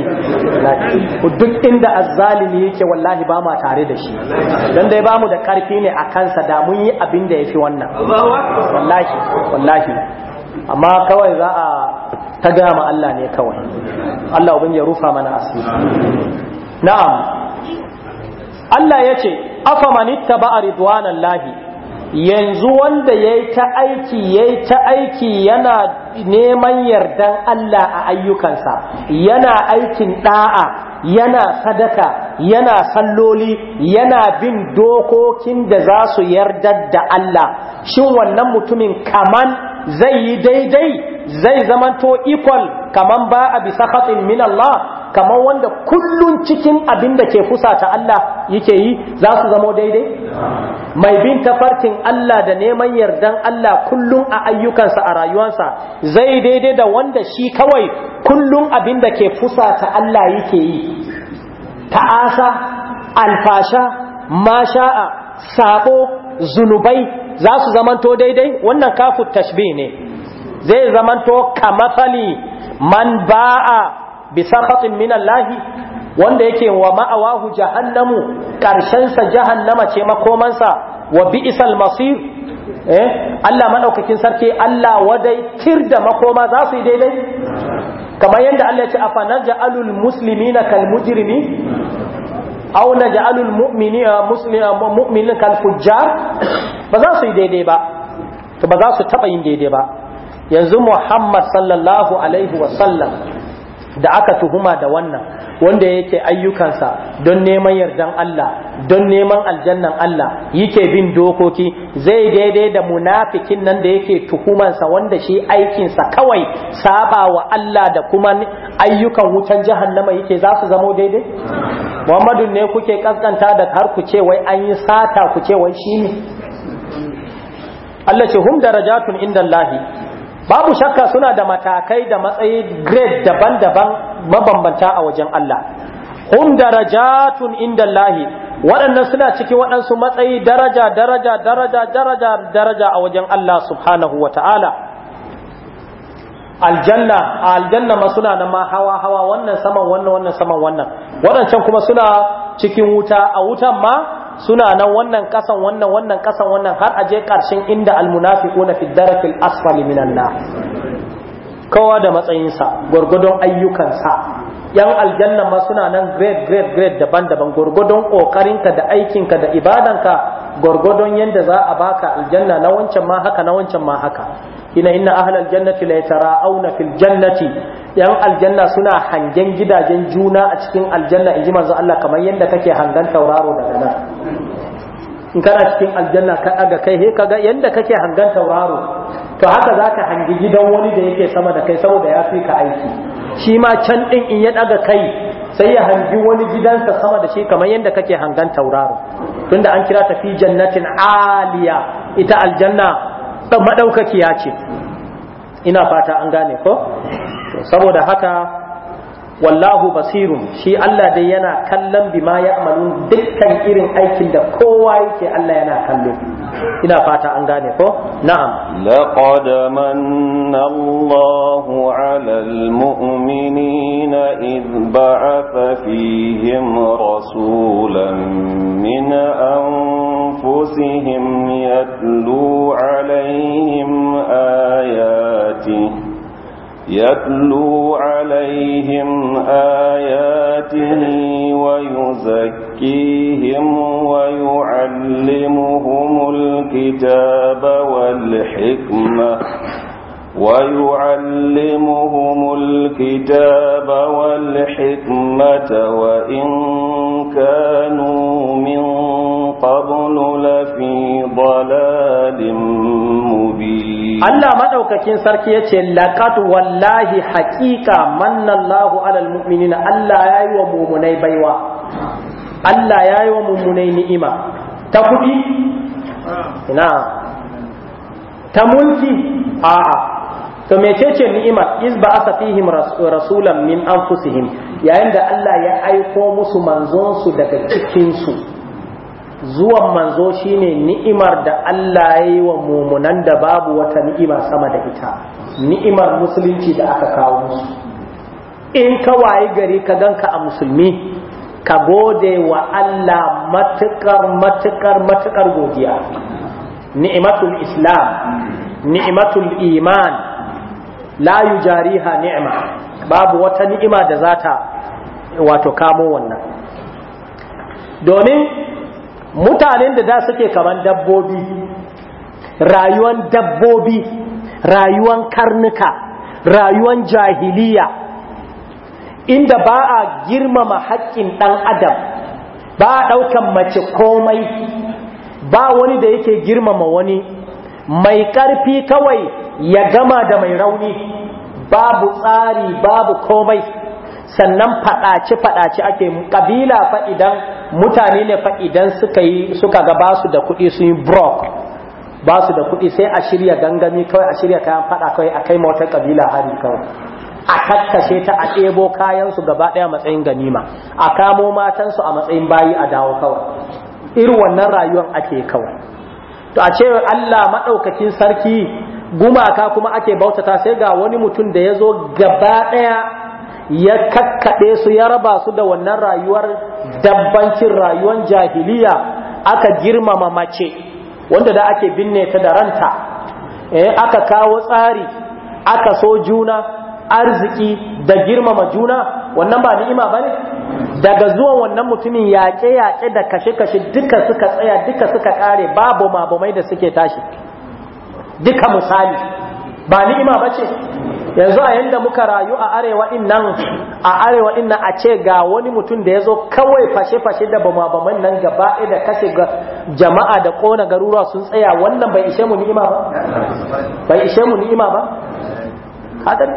duk inda azzalimi yake wallahi ba ma tare da shi dan dai ba mu da karfi ne a kansa da mun yi abin da yafi wannan wallahi wallahi amma kawai za a ta gama Allah ne kawai Allah ubangiji ya rufa mana asiri na'am Allah yace afa manittaba ridwanallahi yanzu wanda ya yi ta aiki ya yi ta aiki yana neman yardan Allah a ayyukansa yana aikin ɗa'a yana sadaka yana salloli yana bin dokokin da za su yardar da Allah shin wannan mutumin kaman zai yi daidai zai zamanto equal kaman ba a bisa min Allah kamar wanda kullun cikin abin da ke fusata Allah yake yi za su zamo daidai mai bin tafarkin Allah da neman yardan Allah kullun a ayyukansa a rayuwansa zai daidai da wanda shi kawai kullun abin da ke fusata Allah yake yi ta'asa alfasha masha'a sabo zunubai za su zamanto daidai wannan kafu tashbih ne zai zamanto kamafali man ba'a bi sakhatin min Allah wanda yake wa ma'awahu jahannamu karshen sa jahannama ce makomansa wa bi'sal masir eh Allah madaukakin sarki Allah wadai tir makoma za su yi daidai kamar yadda Allah ya ce afanaj'alul muslimina kal mujrimi aw naj'alul mu'minina eh, muslima eh, mu'minin kal fujjar ba za su yi daidai ba to ba za su taba yin daidai ba yanzu Muhammad sallallahu alaihi wa sallam da aka tuhuma da wannan wanda yake ayyukansa don neman yardan Allah don neman aljannan Allah yake bin dokoki zai daidai da munafikin nan da yake tuhumansa wanda shi aikinsa kawai saba wa Allah da kuma ayyukan wutan jahannama yake za su zamo daidai Muhammadu ne kuke kaskanta da har ku ce wai an yi sata ku ce wai shi ne Allah ce hum darajatun inda Allah babu shakka suna da matakai da matsayi grade daban-daban mabambanta a wajen Allah hum darajatun inda lahi. waɗannan suna ciki waɗansu matsayi daraja daraja daraja daraja daraja a wajen Allah subhanahu wa aljanna a aljanna ma suna nan ma hawa hawa wannan saman wannan wannan saman wannan waɗancan kuma suna cikin wuta a wutan ma suna nan wannan kasan wannan wannan kasan wannan har a je karshen inda almunafiquna fi darakil asfali minan nar kowa da matsayin matsayinsa gwargwadon ayyukansa yan aljanna ma suna nan great great great daban-daban gwargwadon kokarinka da aikinka da ibadanka gwargwadon yadda za a baka aljanna na wancan ma haka na wancan ma haka ina inna ahlal jannati la yatara'auna fil jannati yan aljanna suna hangen gidajen juna a cikin aljanna inji manzo Allah kamar yadda kake hangen tauraro daga nan in kana cikin aljanna ka daga kai he kaga yadda kake hangen tauraro to haka zaka hangi gidan wani da yake sama da kai saboda ya fi ka aiki shi ma can din in ya daga kai sai ya hangi wani gidansa sama da shi kamar yadda kake hangen tauraro tunda an kira ta fi jannatin aliya ita aljanna ya ce ina fata an gane ko saboda haka wallahu basirun shi Allah dai yana kallon bima ya amalu dukkan irin aikin da kowa yake Allah yana kallo ina fata an gane ko na'am laqad manna Allahu 'alal mu'minina id ba'atha fihim rasulan min anfusihim yatlu 'alayhim ayatihi يتلو عليهم آياته ويزكيهم ويعلمهم الكتاب والحكمة ويعلمهم الكتاب والحكمة وإن كانوا من قبل لفي ضلال مبين الله مدوكاكين سركي يتي لقد والله حقيقة من الله على المؤمنين الله يايو مؤمني بيوا الله يايو مؤمني نئمة تقولي نعم تملكي آه to mecece ni'ima izba ba asa fihim rasulan min anfusihim yayin da Allah ya aiko musu manzon su daga cikin su zuwan manzo shine ni'imar da Allah ya yi wa mumunan da babu wata ni'ima sama da ita ni'imar musulunci da aka kawo musu in ka wayi gari ka ganka a musulmi ka gode wa Allah matukar matukar matukar godiya ni'imatul islam ni'imatul iman la yujariha ni'ma babu wata ni'ima da za ta wato kamo wannan domin mutanen da da suke kaman dabbobi rayuwan dabbobi rayuwan karnuka rayuwan jahiliya inda ba a girmama haƙƙin ɗan adam ba a ɗaukan mace komai ba wani da yake girmama wani mai ƙarfi kawai ya gama da mai rauni babu tsari babu komai sannan faɗace-faɗace ake ƙabila fa idan mutane ne fa idan suka yi suka ga basu da kuɗi sun yi brok basu da kuɗi sai a shirya gangami kawai a shirya kayan faɗa kawai a kai motar ƙabila hari kawai a kakkashe ta a ɗebo kayansu gaba ɗaya matsayin ganima a kamo matansu a matsayin bayi a dawo kawai irin wannan rayuwar ake kawai to a ce Allah maɗaukakin sarki gumaka kuma ake bautata sai ga wani mutum da ya zo gaba ɗaya ya kakkaɓe su ya raba su da wannan rayuwar dabbancin rayuwar jahiliya aka girmama mace wanda da ake binne ta da ranta eh aka kawo tsari aka so juna arziki da girmama juna wannan ba ni'ima bane daga zuwan wannan mutumin yaƙe-yaƙe da kashe-kashe duka suka tsaya duka suka ƙare babu mabamai da suke tashi duka misali ba ni'ima ba ce yanzu a yanda muka rayu a arewa din a arewa din a ce ga wani mutum da ya zo kawai fashe-fashe da bama-baman nan gaba da kashe jama'a da kona garuruwa sun tsaya wannan bai ishe mu ni'ima ba bai ishe mu ni'ima ba hadari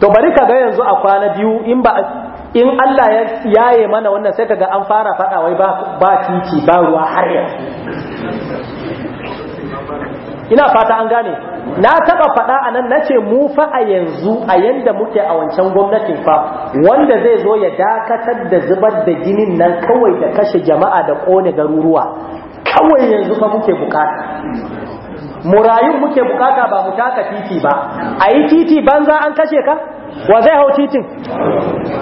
to bari ka ga yanzu a kwana biyu in ba in Allah ya yaye mana wannan sai ga an fara fada wai ba ba titi ba ruwa har yanzu ina fata an gane na taba faɗa a nan nace mu fa a yanzu a yanda muke a wancan gwamnatin fa wanda zai zo ya dakatar da zubar da ginin nan kawai da kashe jama'a da kone garuruwa kawai yanzu fa muke bukata murayun muke bukata ba mu taka titi ba a yi titi banza an kashe ka wa zai hau titin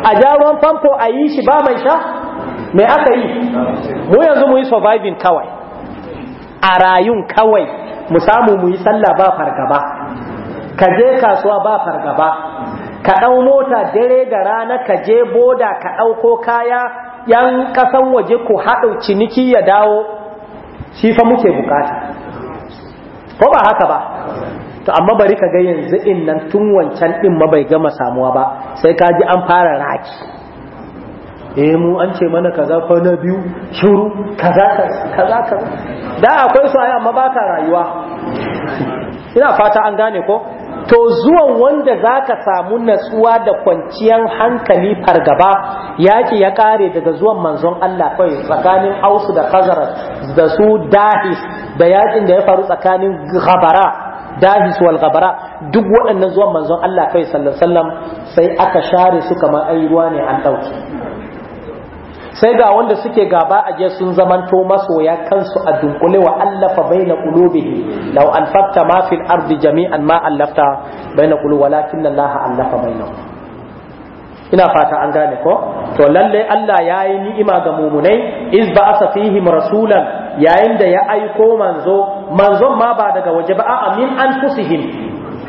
a ja ruwan famfo a yi shi ba mai sha mai aka yi mu yanzu mu yi surviving kawai a rayun kawai mu samu mu yi sallah ba fargaba ka je kasuwa ba fargaba ka ɗau mota dare da rana ka je boda ka ɗauko kaya yan ƙasan waje ku haɗu ciniki ya dawo shi fa muke bukata ko ba haka ba to amma bari ka ga yanzu in tun wancan ɗin ma bai gama samuwa ba sai ka ji an fara raki eh mu an ce mana kaza kwana biyu shuru kaza kaza kaza da akwai su ayi amma baka rayuwa ina fata an gane ko to zuwan wanda zaka samu natsuwa da kwanciyar hankali fargaba yaki ya kare daga zuwan manzon Allah kai tsakanin Ausu da Khazraj da su Dahis da yakin da ya faru tsakanin Ghabara dahis wal gabara duk waɗannan zuwan manzon Allah kai sallallahu alaihi wasallam sai aka share su kamar ai ruwa ne an dauke sai ga wanda suke gaba a je sun zamanto masoya kansu a dunkule wa allafa baina qulubihi law anfaqta ma fil ardi jami'an ma allafta baina qulub walakin allaha allafa baina ina fata an gane ko to lalle Allah yayi ni'ima ga mumunai iz ba'asa fihim rasulan yayin da ya aiko manzo manzon ma ba daga waje ba a min anfusihim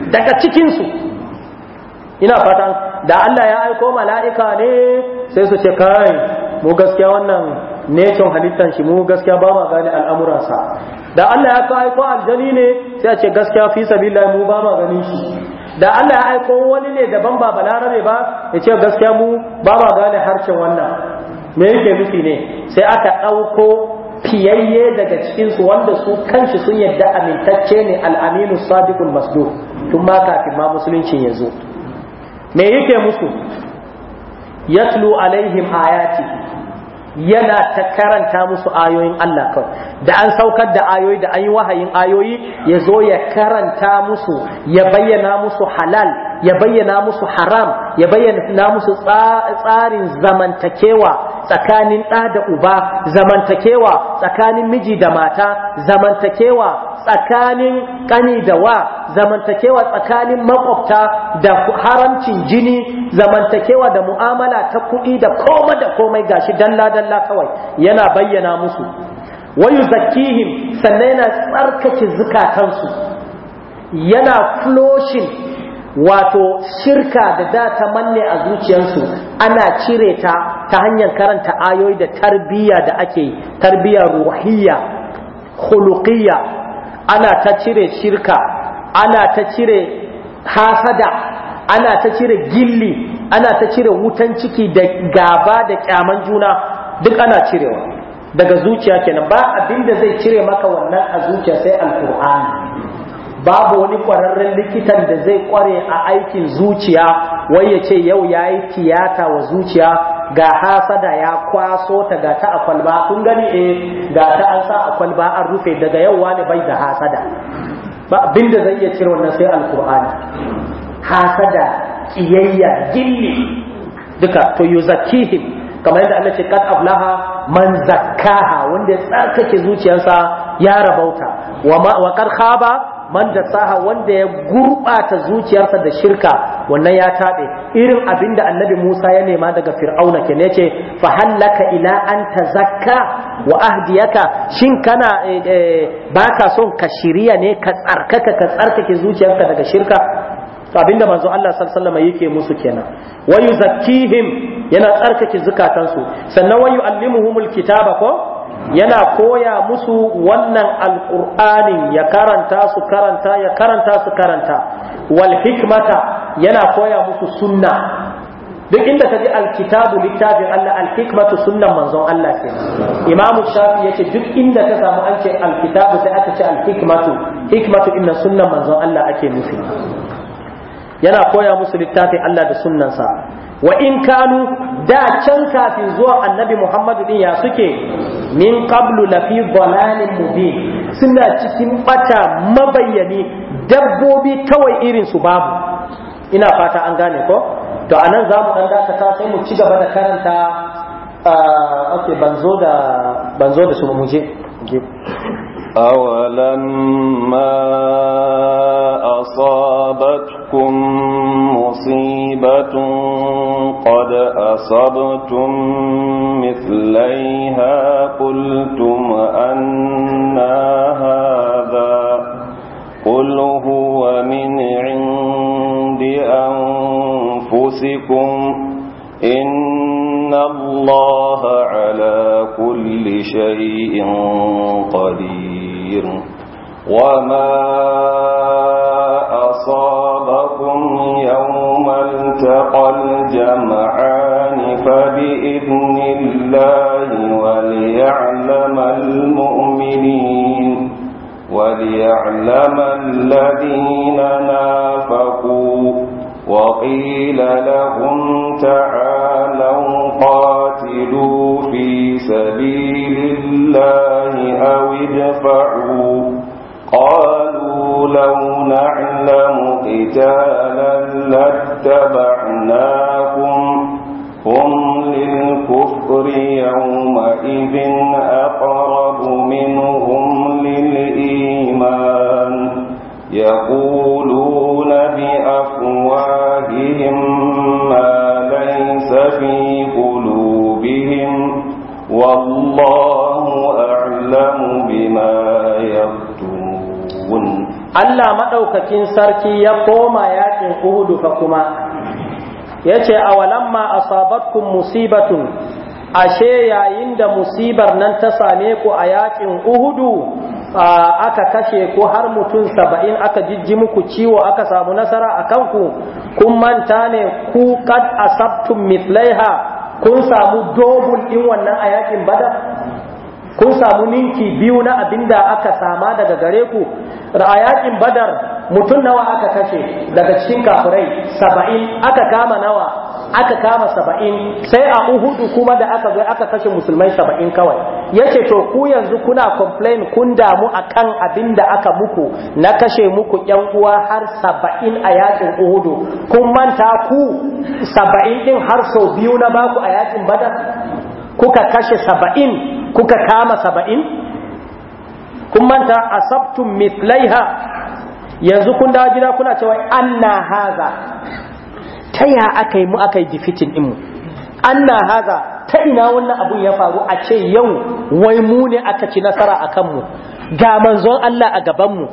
daga cikin su ina fata da Allah ya aiko mala'ika ne sai su ce kai mu gaskiya wannan necon halittan shi mu gaskiya ba ma gane al'amuransa da Allah ya ka aiko aljani ne sai a ce gaskiya fi sabilillah mu ba ma gani shi da Allah ya aiko wani ne daban ba balarabe ba ya ce gaskiya mu ba ma gane harshen wannan me yake nufi ne sai aka ɗauko fiyayye daga cikinsu wanda su kanshi sun yadda amintacce ne al'aminu sadiqul masdu tun ma kafin ma musulunci ya zo me yake musu yatlu alaihim ciki. yana ta karanta musu ayoyin Allah kawai da an saukar da ayoyi da an yi wahayin ayoyi ya zo ya karanta musu ya bayyana musu halal ya bayyana musu haram ya bayyana musu tsarin zamantakewa tsakanin ɗa da uba zamantakewa tsakanin miji da mata zamantakewa tsakanin ƙani da wa zamantakewa tsakanin makwabta da haramcin jini zamantakewa da mu'amala ta kuɗi da koma da komai gashi dalla-dalla kawai yana bayyana musu wayu zakihim sannan yana tsarkake zukatansu yana floshin wato shirka da da ta manne a zuciyarsu ana cire ta ta hanyar karanta ayoyi da tarbiyya da ake tarbiyya ruhiyya khuluqiyya ana ta cire shirka ana ta cire hasada ana ta cire gilli ana ta cire wutan ciki da gaba da kyaman juna duk ana cirewa daga zuciya kenan ba abinda zai cire maka wannan a zuciya sai alkur'ani babu wani kwararren likitan da zai kware a aikin zuciya wai ya ce yau yayi tiyata wa zuciya ga hasada ya kwaso ta ga ta a kwalba kun gani eh ga ta an sa a kwalba an rufe daga yau wani bai da hasada ba abinda zai iya cire wannan sai alkur'ani hasada kiyayya gilli duka to yuzakkihim kamar yadda Allah ce kad aflaha man zakkaha wanda ya tsarkake zuciyarsa ya rabauta wa qad khaba man da saha wanda ya gurɓata zuciyarsa da shirka wannan ya taɓe irin abin da annabi Musa ya nema daga Fir'auna ke ne ce fa hallaka ila an tazakka wa ahdiyaka shin kana eh, eh, baka son ka shirya ne ka tsarkaka ka tsarkake zuciyarka daga shirka to abinda manzo Allah sallallahu alaihi yake musu kenan wa yuzakkihim yana tsarkake zukatansu sannan wa yu'allimuhumul kitaba ko yana koya musu wannan alƙur'anin ya karanta su karanta ya karanta su karanta wal hikmata yana koya musu sunna duk inda ta ji alkitabu littafin Allah alhikmatu sunnan manzon Allah ce imam shafi ce duk inda ka samu an ce alkitabu sai aka ce alhikmatu hikmatu inna sunnan manzon Allah ake nufi yana koya musu littafin Allah da sunnansa wa in kanu da can kafin zuwa annabi Muhammadu ɗin ya suke min qablu lafi dhalalin mubin suna cikin ɓata mabayyani dabbobi kawai irin su babu ina fata an gane ko to anan za mu dan dakata sai mu ci gaba da karanta ah, okay ban zo da su mu je أولما أصابتكم مصيبة قد أصبتم مثليها قلتم أَنَّ هذا قل هو من عند أنفسكم إن الله على كل شيء قدير وما أصابكم يوم التقى الجمعان فبإذن الله وليعلم المؤمنين وليعلم الذين نافقوا وقيل لهم تعالوا قاتلوا في سبيل الله أو ادفعوا قالوا لو نعلم قتالا لاتبعناكم هم للكفر يومئذ أقرب منهم للإيمان يقولون بأفواههم ما ليس في قلوبهم والله أعلم بما يكتمون Allah maɗaukakin sarki ya koma yaƙin Uhudu fa kuma ya ce a walamma asabatkum musibatun ashe yayin da musibar nan ta same ku a yaƙin Uhudu aka kashe ko har mutum saba'in aka jijji muku ciwo aka samu nasara a kanku kun manta ne ku kad asabtum mithlaiha kun samu dobul din wannan a yakin badar kun samu ninki biyu na abinda aka sama daga gare ku a yakin badar mutum nawa aka kashe daga cikin kafirai saba'in aka kama nawa aka kama saba'in sai a uhudu kuma da aka zo aka kashe musulmai saba'in kawai yace to ku yanzu kuna complain kun damu akan abin da aka muku na kashe muku yan uwa har saba'in a yakin uhudu kun manta ku saba'in din har sau biyu na baku a yakin badar kuka kashe saba'in kuka kama saba'in kun manta asabtum mithlaiha yanzu kun dawo gida kuna cewa anna haza ta ya aka yi mu aka yi difitin ɗinmu an na haza ta ina wannan abun ya faru a ce yau wai mu ne aka ci nasara a kanmu ga manzon Allah a gabanmu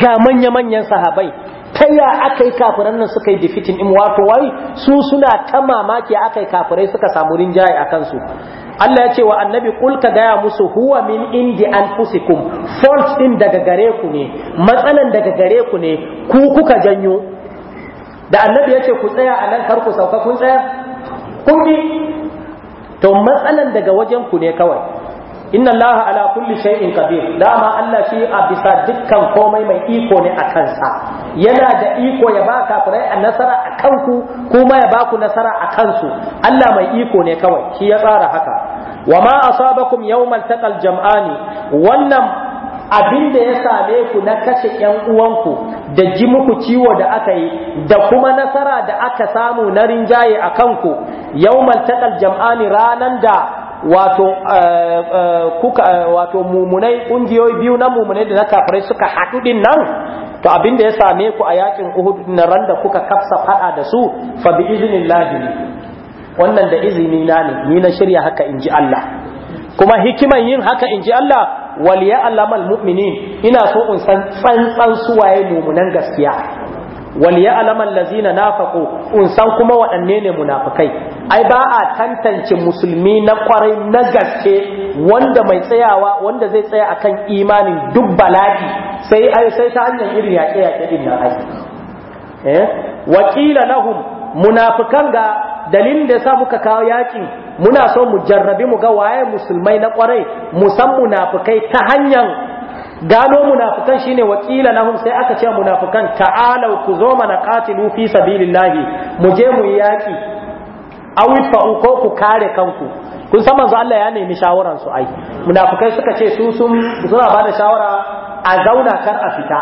ga manya-manyan sahabai ta ya aka yi kafiran nan suka yi difitin ɗinmu wato wai su suna ta mamaki aka yi kafirai suka samu rinjaye a kansu Allah ya ce wa annabi kulka gaya musu huwa min indi anfusikum fault din daga gare ku ne matsalan daga gare ku ne ku kuka janyo da annabi ya ce ku tsaya a nan kar sauka kun tsaya kun bi to matsalan daga wajen ku ne kawai inna Allah ala kulli shay'in qadir dama Allah shi a bisa dukkan komai mai iko ne a kansa yana da iko ya ba kafirai a nasara a kanku kuma ya ba ku nasara a kansu Allah mai iko ne kawai shi ya tsara haka wa ma asabakum yawmal taqal jam'ani wannan abin da ya same ku na kashe ƴan uwanku da ji muku ciwo da aka yi da kuma nasara da aka samu na rinjaye a kanku yau taqal jam'ani ranar da wato eh, eh, kuka eh, ƙungiyoyi biyu na mumunai da na kafirai suka haɗu ɗin nan to abin da ya same ku a yakin Uhud na ran da kuka kafsa fada da su fa bi iznillahi wannan da izini na ne ni na shirya haka in ji Allah kuma hikimar yin haka in ji Allah wal ya'lam mu'minin ina so in san tsantsan suwaye mumunan gaskiya wal lazina allazina nafaqu in san kuma waɗanne ne munafikai ai ba a tantance musulmi na kwarai na gaske wanda mai tsayawa wanda zai tsaya akan imanin duk bala'i sai ai sai ta hanyar irin yaƙe yaƙe din nan ai eh wakila lahum munafikan ga dalilin da yasa muka kawo yakin muna so mu jarrabi mu ga waye musulmai na kwarai san munafukai ta hanyar gano munafikan shine wakila lahum sai aka ce munafukan ta'alau ku zo mana qatilu fi sabilillahi mu je mu yaki awi fa uko ku kare kanku kun san manzo Allah ya nemi shawaran su ai munafikai suka ce su sun suna bada shawara a zauna kar a fita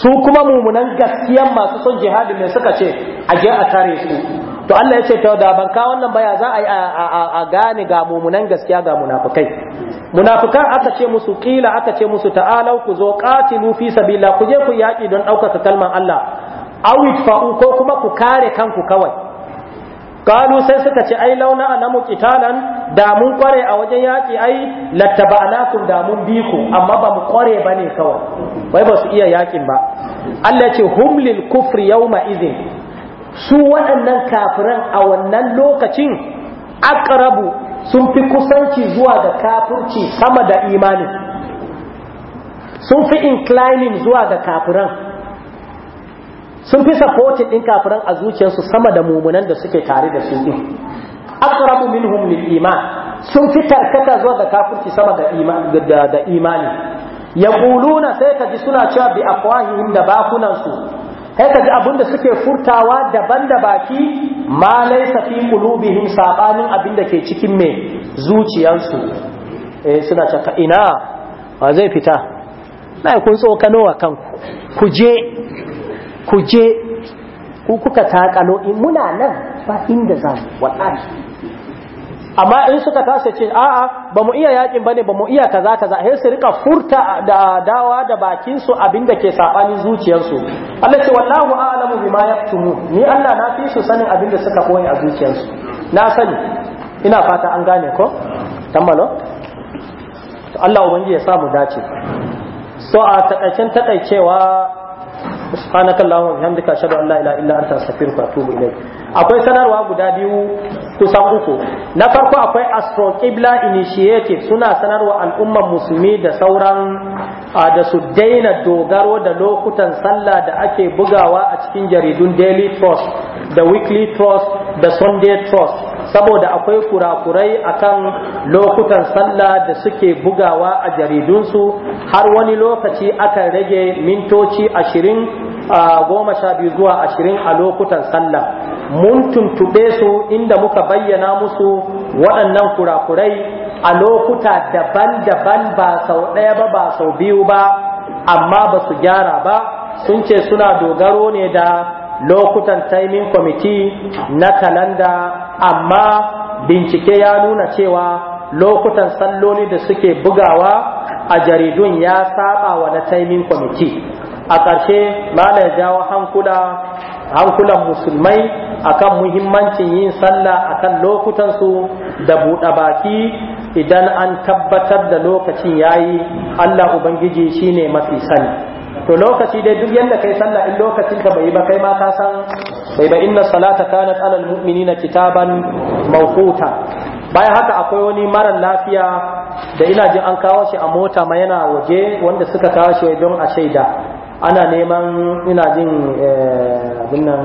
su kuma mummunan gaskiya masu son jihadi ne suka ce a je a tare su to Allah ya ce ta da ban wannan baya za a a gane ga mummunan gaskiya ga munafikai munafikan aka ce musu kila aka ce musu ta'alau ku zo qatilu fi sabilillah ku je ku yaki don ɗaukaka kalman Allah awit fa'u ko kuma ku kare kanku kawai Kalu sai suka ce ai launa anamu kitalan da mun kware a wajen yaki ai lattaba'nakum da mun bi ku amma ba mu kware bane kawai wai ba su iya yakin ba Allah ce hum lil kufri yawma idhin su waɗannan kafiran a wannan lokacin aqrabu sun fi kusanci zuwa ga kafirci sama da imani sun fi inclining zuwa ga kafiran sun fi sapoti ɗin kafiran a zuciyarsu sama da mumunan da suke tare da su din aqrabu minhum lil iman sun fi tarkata zuwa da kafirci sama da imani da imani yaquluna sai kaji suna cewa bi afwahihim da bakunan su sai kaji abinda suke furtawa daban da baki ma laysa fi qulubihim sabanin abinda ke cikin me zuciyarsu eh, suna cewa ina wa zai fita na kun tsokanowa kanku ku je ku je ku kuka takalo in muna nan ba inda za mu wallahi amma in suka tashi ce a'a ba mu iya yakin bane ba mu iya kaza kaza sai su rika furta da dawa da bakin su abinda ke sabani zuciyar su Allah ce wallahu a'lamu bima yaktumu ni Allah na fi su sanin abinda suka koyi a zuciyar su na sani ina fata an gane ko tambalo Allah ubangi ya samu dace so a takaicen takaicewa subhanaka allahumma bihamdika ashhadu an la ilaha illa anta astaghfiruka wa atubu akwai sanarwa guda biyu kusan uku na farko akwai astro qibla initiative suna sanarwa al'umma musulmi da sauran da su daina dogaro da lokutan sallah da ake bugawa a cikin jaridun daily trust da weekly trust da sunday trust saboda akwai kurakurai akan lokutan sallah da suke bugawa a jaridunsu har wani lokaci aka rage mintoci ashirin goma sha biyu zuwa ashirin a lokutan sallah mun tuntube su inda muka bayyana musu waɗannan kurakurai a lokuta daban-daban ba sau ɗaya ba ba sau biyu ba amma ba su gyara ba sun ce suna dogaro ne da lokutan timing committee na kalanda amma bincike ya nuna cewa lokutan salloli da suke bugawa a jaridun ya saba wa na timing committee a ƙarshe mana ya jawo hankulan musulmai akan muhimmancin yin sallah akan lokutansu da buɗe baki idan an tabbatar da lokacin yayi Allah Ubangiji shine mafi sani to lokaci dai duk yanda kai sallah in lokacin ka bai ba kai ma ka san bai ba inna salata kanat alal mu'minina kitaban mawquta bayan haka akwai wani mara lafiya da ina jin an kawo shi a mota ma yana waje wanda suka kawo shi don a shaida ana neman ina jin eh, abin nan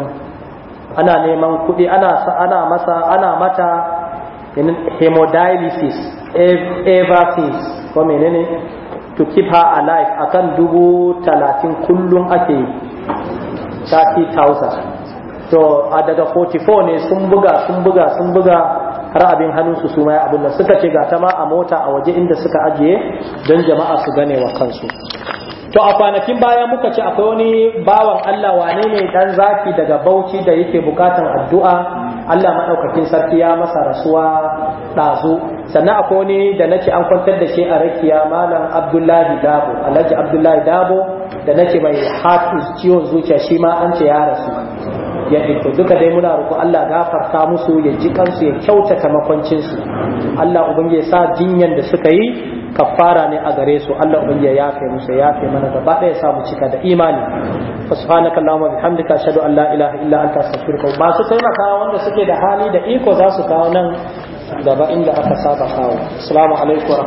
ana neman kuɗi ana ana masa ana mata hemodialysis everphase ko menene to keep her alive akan dubu talatin kullum ake 30,000 to a daga 44 ne sun buga sun buga sun buga har abin hannunsu su ma abin nan suka ce ga ta ma a mota a waje inda suka ajiye don jama'a su gane wa kansu to a kwanakin baya muka ce akwai wani bawan Allah wane ne dan zafi daga bauchi da yake bukatan addu'a Allah maɗaukakin sarki ya masa rasuwa ɗazu sannan akwai wani da nake an kwantar da shi a rakiya malam abdullahi dabo alhaji abdullahi dabo da nake mai heart ciwon zuciya shi ma an ce ya rasu ya to duka dai muna roƙo Allah gafarta musu ya ji kansu ya kyautata makwancinsu Allah ubangiji ya sa jinyan da suka yi kafara ne a gare su Allah ubangiya ya kai musu ya kai mana gaba ɗaya samu cika da imani fa subhanaka allahumma bihamdika ashhadu an la ilaha illa anta astaghfiruka ba su taimaka wanda suke da hali da iko za su kawo nan gaba inda aka saba kawo assalamu alaikum